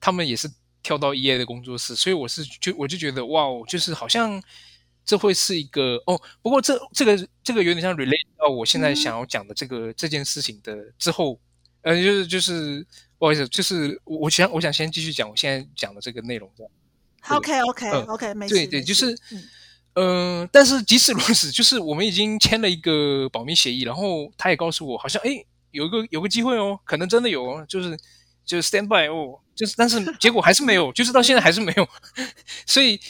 他們也是跳到 EA 的工作室，所以我是就我就覺得哇哦，就是好像。這會是一個哦。不過這這個這個有點像 relate 到我現在想要講的這個、嗯、這件事情的之後，呃，就是就是不好意思，就是我想我想先繼續講我現在講的這個內容，OK OK、嗯、OK 沒錯，對對，就是嗯、呃，但是即使如此，就是我們已經簽了一個保密協議，然後他也告訴我，好像哎，有一個有一個機會哦，可能真的有，哦、就是，就是就是 stand by 哦，就是但是結果還是沒有， 就是到現在還是沒有， 所以。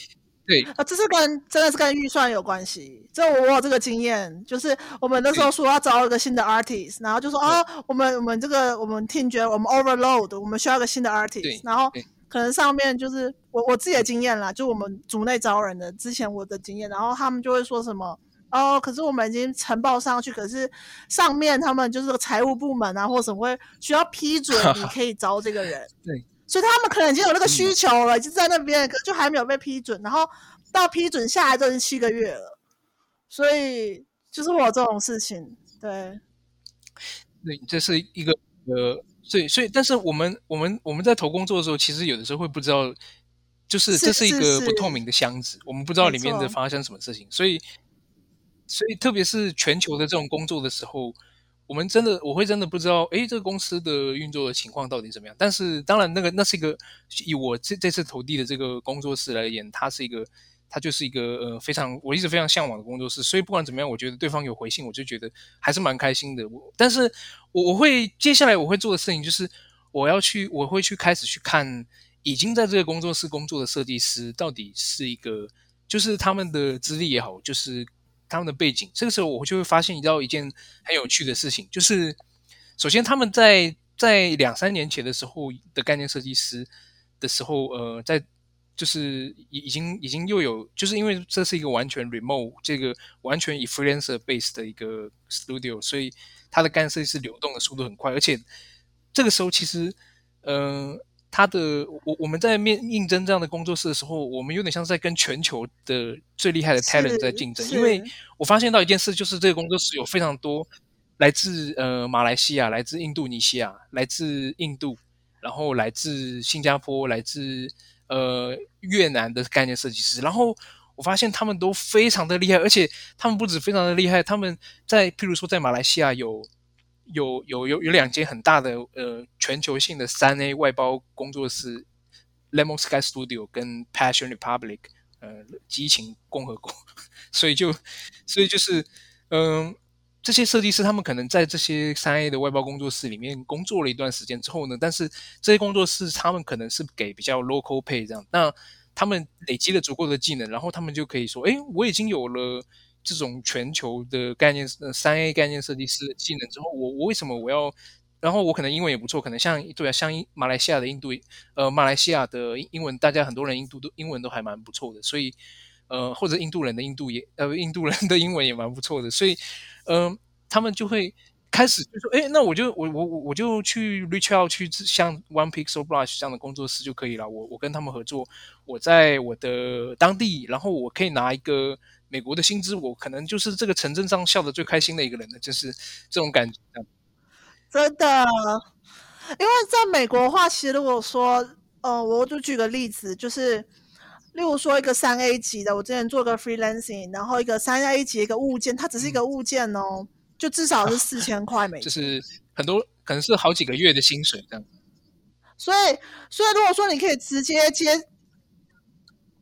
對啊，這是跟真的是跟預算有關係。這我有這個經驗，就是我們那時候說要招一個新的 artist，然後就說啊、哦，我們我們這個我們聽覺我們 overload，我們需要一個新的 artist，然後可能上面就是我我自己的經驗啦，就我們組內招人的之前我的經驗，然後他們就會說什麼哦，可是我們已經呈報上去，可是上面他們就是財務部門啊或什麼會需要批准，你可以招這個人。對。所以他們可能已經有那個需求了，就在那邊，可就還沒有被批准。然後到批准下來都已經七個月了，所以就是有這種事情，對。對，這是一個呃，對，所以，所以但是我們我們我們在投工作的時候，其實有的時候會不知道，就是這是一個不透明的箱子，是是是我們不知道裡面在發生什麼事情，所以，所以特別是全球的這種工作的時候。我們真的，我會真的不知道，誒，這個公司的運作的情況到底怎麼樣？但是，當然，那個那是一個以我這這次投遞的這個工作室來演，它是一個，它就是一個呃非常我一直非常嚮往的工作室。所以不管怎麼樣，我覺得對方有回信，我就覺得還是蠻開心的。我，但是我我會接下來我會做的事情就是我要去，我會去開始去看已經在這個工作室工作的設計師到底是一個，就是他們的資歷也好，就是。他們的背景。這個時候我就會發現一到一件很有趣的事情，就是首先他們在在兩三年前的時候的概念設計師的時候，呃，在就是已已經已經又有就是因為這是一個完全 remote，這個完全 influencer based 的一個 studio，所以它的概念設計師流動的速度很快，而且這個時候其實，嗯、呃。他的我我們在面應徵這樣的工作室的時候，我們有點像是在跟全球的最厲害的 talent 在競爭。因為我發現到一件事，就是這個工作室有非常多來自呃馬來西亞、來自印度尼西亞、來自印度，然後來自新加坡、來自呃越南的概念設計師。然後我發現他們都非常的厲害，而且他們不止非常的厲害，他們在譬如說在馬來西亞有。有有有有兩間很大的呃全球性的三 A 外包工作室，Lemon Sky Studio 跟 Passion Republic，呃，激情共和國。所以就，所以就是，嗯，這些設計師他們可能在這些三 A 的外包工作室裡面工作了一段時間之後呢，但是這些工作室他們可能是給比較 local pay 這樣。那他們累積了足夠的技能，然後他們就可以說，哎，我已經有了。這種全球的概念，三、呃、A 概念設計師的技能之後，我我為什麼我要？然後我可能英文也不錯，可能像對啊，像馬來西亞的印度，呃，馬來西亞的英文，大家很多人印度都英文都還蠻不錯的，所以呃，或者印度人的印度也呃，印度人的英文也蠻不錯的，所以嗯、呃，他們就會開始就說，哎，那我就我我我我就去 reach out 去像 One Pixel Brush 這樣的工作室就可以了。我我跟他們合作，我在我的當地，然後我可以拿一個。美國的薪資，我可能就是這個城鎮上笑得最開心的一個人呢，就是這種感覺。真的，因為在美國的話，其實如果說，呃，我就舉個例子，就是例如說一個三 A 級的，我之前做過 freelancing，然後一個三 A 級一個物件，它只是一個物件哦，嗯、就至少是四千塊美金，就、啊、是很多可能是好幾個月的薪水這樣。所以，所以如果說你可以直接接。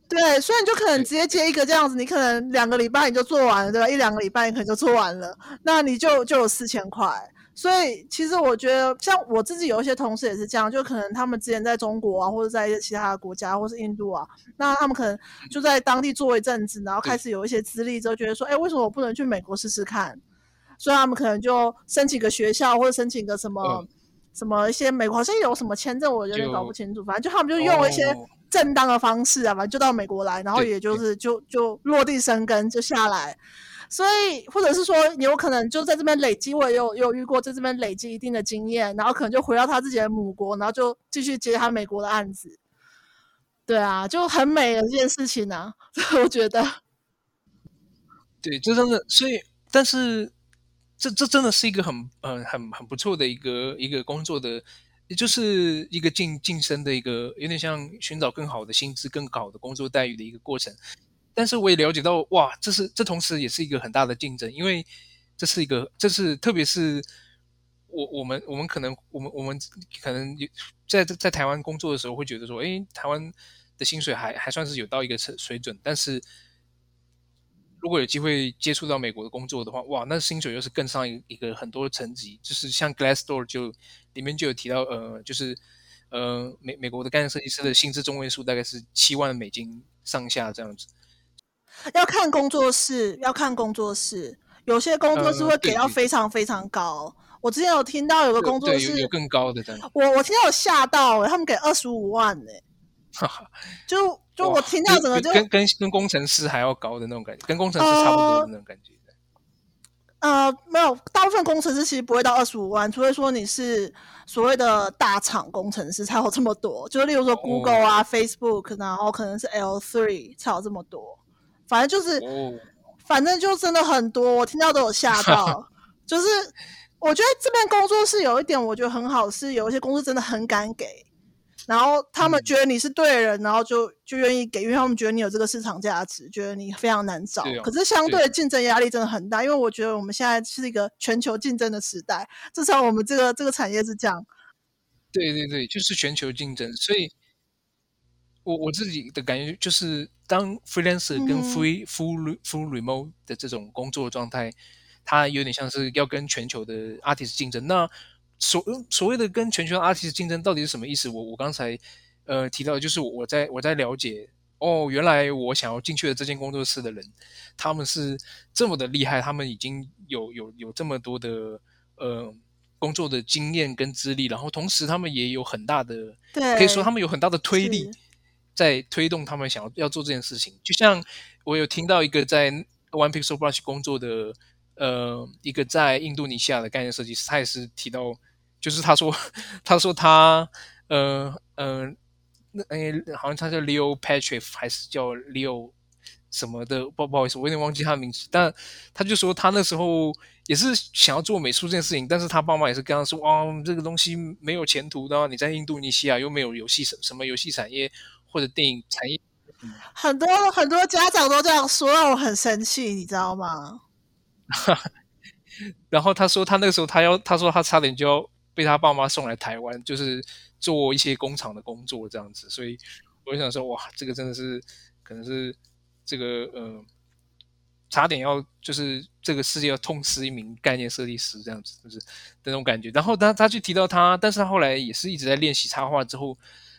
對，所以你就可能直接接一個這樣子，你可能兩個禮拜你就做完了，對吧？一兩個禮拜你可能就做完了，那你就就有四千塊。所以其實我覺得，像我自己有一些同事也是這樣，就可能他們之前在中國啊，或者在一些其他的國家，或是印度啊，那他們可能就在當地做一陣子，然後開始有一些資歷之後，就覺得說，哎，為什麼我不能去美國試試看？所以他們可能就申請個學校，或者申請個什麼、呃、什麼一些美國，好像有什麼簽證，我有點搞不清楚，反正就他們就用了一些。哦正當的方式啊，反正就到美國來，然後也就是就就，就落地生根就下來，所以或者是說你有可能就在這邊累積，我也有有有遇過，在這邊累積一定的經驗，然後可能就回到他自己的母國，然後就繼續接他美國的案子。對啊，就很美的這件事情啊，我覺得。對，這真的，所以但是這這真的是一個很、嗯、很很很不錯的一個一個工作的。就是一個進晉升的一個，有點像尋找更好的薪資、更好的工作待遇的一個過程。但是我也了解到，哇，這是這同時也是一個很大的競爭，因為這是一個，這是特別是我我們我們可能我們我們可能有在在台灣工作的時候會覺得說，哎，台灣的薪水還還算是有到一個水準。但是如果有機會接觸到美國的工作的話，哇，那薪水又是更上一個一個很多的層級，就是像 Glassdoor 就。裡面就有提到，呃，就是，呃，美美國的概念設計師的薪資中位數大概是七萬美金上下這樣子。要看工作室，要看工作室，有些工作室會給到非常非常高、嗯。我之前有聽到有個工作室，有，有，有更高的。我我聽到我嚇到、欸，哎，他們給二十五萬、欸，呢。 哈哈，就就我聽到整個就跟跟跟工程師還要高的那種感覺，跟工程師差不多的那種感覺。呃呃，沒有，大部分工程師其實不會到二十五萬，除非說你是所謂的大廠工程師才有這麼多，就是例如說 Google 啊、oh.，Facebook，然後可能是 L three 才有這麼多，反正就是，oh. 反正就真的很多，我聽到都有嚇到， 就是我覺得這邊工作室有一點，我覺得很好，是有一些公司真的很敢給。然後他們覺得你是對的人，嗯，然後就就願意給，因為他們覺得你有這個市場價值，覺得你非常難找。哦，可是相對的競爭壓力真的很大，哦，因為我覺得我們現在是一個全球競爭的時代，至少我們這個這個產業是這樣。對對對，就是全球競爭，所以我，我我自己的感覺就是，當 freelancer 跟 free full，嗯，full remote 的這種工作狀態，它有點像是要跟全球的 artist 競爭那。所所謂的跟全球的 artist 競爭到底是什麼意思？我我剛才呃提到，就是我在我在了解，哦，原來我想要進去的這間工作室的人，他們是這麼的厲害，他們已經有有有這麼多的呃工作的經驗跟資歷，然後同時他們也有很大的，對可以說他們有很大的推力在推動他們想要要做這件事情。就像我有聽到一個在 One Pixel Brush 工作的。呃，一個在印度尼西亞的概念設計師，他也是提到，就是他說，他說他，呃呃，那、欸、好像他叫 Leo Patrick 還是叫 Leo 什麼的，不不好意思，我有點忘記他名字。但他就說，他那時候也是想要做美術這件事情，但是他爸媽也是跟他說，哇，這個東西沒有前途的、啊，你在印度尼西亞又沒有遊戲什麼什麼遊戲產業或者電影產業，嗯、很多很多家長都這樣說，讓我很生氣，你知道嗎？ 然後他說，他那個時候他要他說他差點就要被他爸媽送來台灣，就是做一些工廠的工作這樣子。所以我就想說，哇，這個真的是可能是這個呃，差點要就是這個世界要痛失一名概念設計師這樣子，就是那種感覺。然後他他去提到他，但是他後來也是一直在練習插畫之後，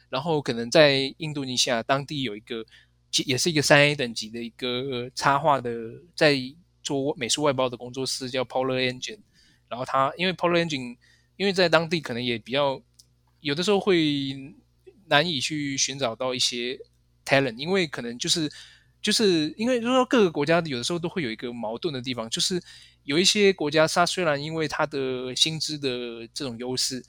然後可能在印度尼西亞當地有一個，也是一個三 A 等級的一個、呃、插畫的在。做美術外包的工作室叫 Polar Engine，然後他因為 Polar Engine 因為在當地可能也比較有的時候會難以去尋找到一些 talent，因為可能就是就是因為就是說各個國家有的時候都會有一個矛盾的地方，就是有一些國家它雖然因為它的薪資的這種優勢，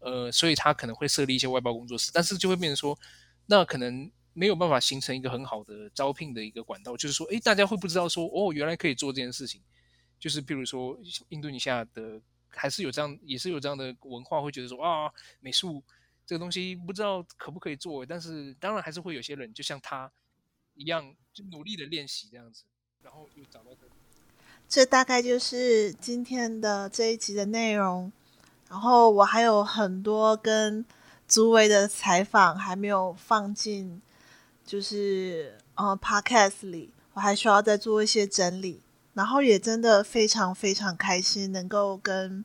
呃，所以他可能會設立一些外包工作室，但是就會變成說那可能。沒有辦法形成一個很好的招聘的一個管道，就是說，哎，大家會不知道說，哦，原來可以做這件事情，就是譬如說，印度尼西亞的還是有這樣，也是有這樣的文化，會覺得說，啊，美術這個東西不知道可不可以做，但是當然還是會有些人，就像他一樣，就努力的練習這樣子，然後又找到。這大概就是今天的這一集的內容，然後我還有很多跟族維的採訪還沒有放進。就是呃、uh, podcast 裡，我還需要再做一些整理，然後也真的非常非常開心，能夠跟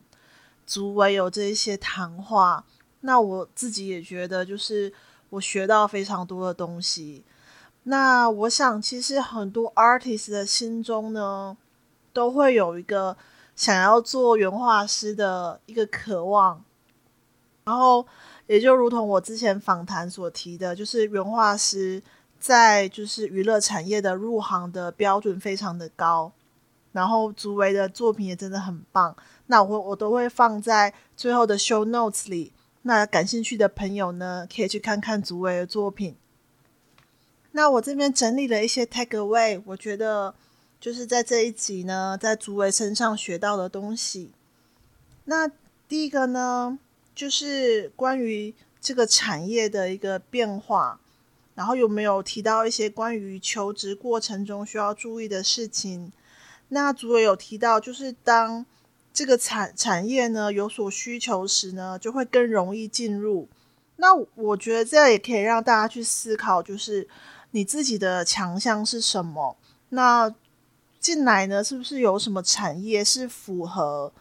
族維有這一些談話。那我自己也覺得，就是我學到非常多的東西。那我想，其實很多 artist 的心中呢，都會有一個想要做原畫師的一個渴望，然後。也就如同我之前訪談所提的，就是原畫師在就是娛樂產業的入行的標準非常的高，然後族維的作品也真的很棒，那我我都會放在最後的 show notes 裡，那感興趣的朋友呢，可以去看看族維的作品。那我這邊整理了一些 take away，我覺得就是在這一集呢，在族維身上學到的東西。那第一個呢，就是關於這個產業的一個變化，然後有沒有提到一些關於求職過程中需要注意的事情？那族維有提到，就是當這個產產業呢有所需求時呢，就會更容易進入。那我覺得這樣也可以讓大家去思考，就是你自己的強項是什麼？那進來呢，是不是有什麼產業是符合，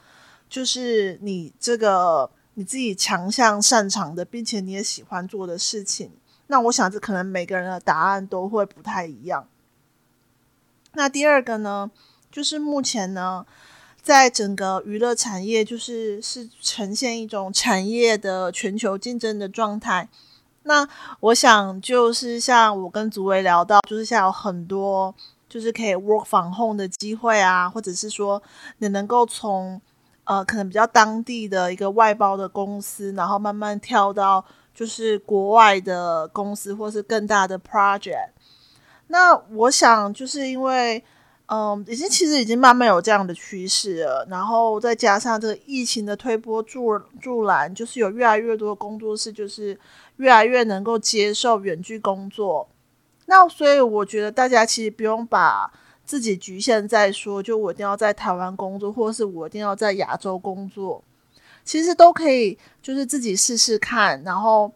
就是你這個？你自己強項、擅長的，並且你也喜歡做的事情，那我想這可能每個人的答案都會不太一樣。那第二個呢，就是目前呢，在整個娛樂產業，就是是呈現一種產業的全球競爭的狀態。那我想就是像我跟族維聊到，就是像有很多就是可以 work from home 的機會啊，或者是說你能夠從。呃，可能比較當地的一個外包的公司，然後慢慢跳到就是國外的公司，或是更大的 project。那我想，就是因為，嗯，已經其實已經慢慢有這樣的趨勢了。然後再加上這個疫情的推波助助瀾，就是有越來越多的工作室，就是越來越能夠接受遠距工作。那所以我覺得大家其實不用把。自己局限在說，就我一定要在台灣工作，或者是我一定要在亞洲工作，其實都可以，就是自己試試看，然後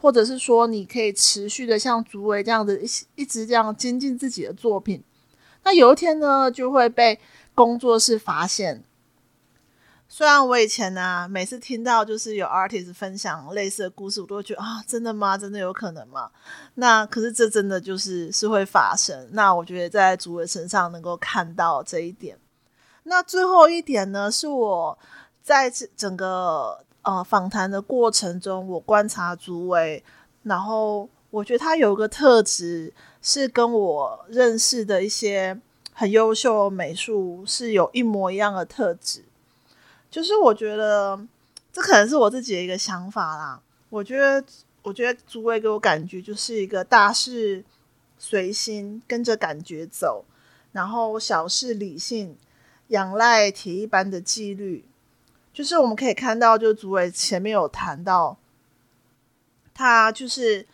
或者是說，你可以持續的像族維這樣子一一直這樣精進自己的作品，那有一天呢，就會被工作室發現。雖然我以前呢、啊，每次聽到就是有 artist 分享類似的故事，我都會覺得啊，真的嗎？真的有可能嗎？那可是這真的就是是會發生。那我覺得在族維身上能夠看到這一點。那最後一點呢，是我在這整個呃訪談的過程中，我觀察族維，然後我覺得他有一個特質，是跟我認識的一些很優秀的美術是有一模一樣的特質。就是我覺得，這可能是我自己的一個想法啦。我覺得，我覺得族維給我感覺就是一個大事隨心，跟着感覺走，然後小事理性，仰賴鐵一般的紀律。就是我們可以看到，就是族維前面有談到，他就是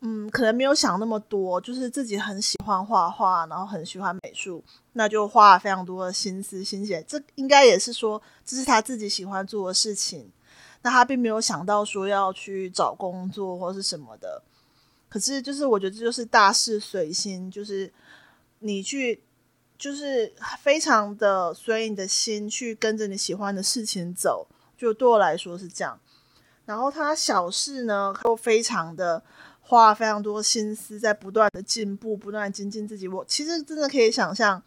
嗯，可能沒有想那麼多，就是自己很喜歡畫畫，然後很喜歡美術。那就花了非常多的心思心血，這應該也是說這是他自己喜歡做的事情。那他並沒有想到說要去找工作或是什麼的。可是就是我覺得這就是大事隨心，就是你去就是非常的隨你的心去跟着你喜歡的事情走，就對我來說是這樣。然後他小事呢，又非常的花非常多心思在不斷的進步，不斷的精進自己。我其實真的可以想象。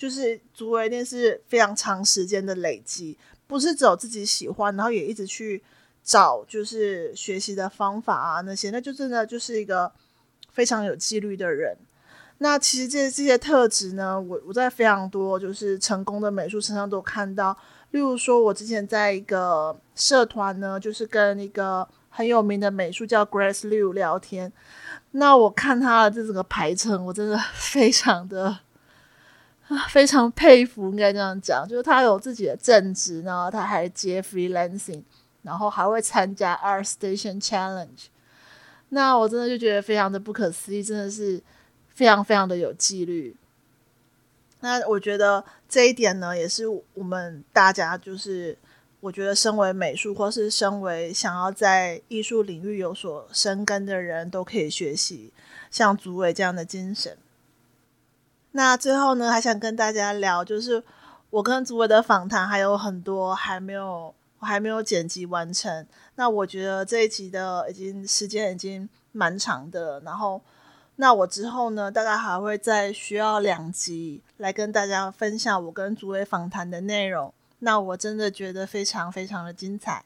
就是足為那是非常長時間的累積，不是只有自己喜歡，然後也一直去找就是學習的方法啊那些，那就真的就是一個非常有紀律的人。那其實這這些特質呢，我我在非常多就是成功的美術身上都看到。例如說，我之前在一個社團呢，就是跟一個很有名的美術叫 Grace Liu 聊天，那我看他的這整個排程，我真的非常的。非常佩服，應該這樣講，就是他有自己的正職呢，然後他還接 freelancing，然後還會參加 Art Station Challenge。那我真的就覺得非常的不可思議，真的是非常非常的有紀律。那我覺得這一點呢，也是我們大家就是，我覺得身為美術或是身為想要在藝術領域有所深耕的人，都可以學習像族維這樣的精神。那最後呢，還想跟大家聊，就是我跟族維的訪談還有很多還沒有還沒有剪輯完成。那我覺得這一集的已經時間已經蠻長的，然後，那我之後呢，大概還會再需要兩集來跟大家分享我跟族維訪談的內容。那我真的覺得非常非常的精彩。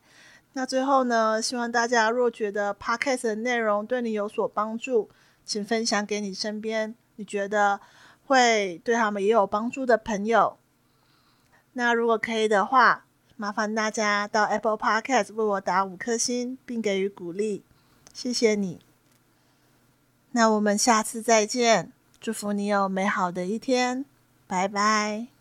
那最後呢，希望大家若覺得 podcast 的內容對你有所幫助，請分享給你身邊你覺得。會對他們也有幫助的朋友，那如果可以的話，麻煩大家到 Apple Podcast 為我打五顆星，並給予鼓勵，謝謝你。那我們下次再見，祝福你有美好的一天，拜拜。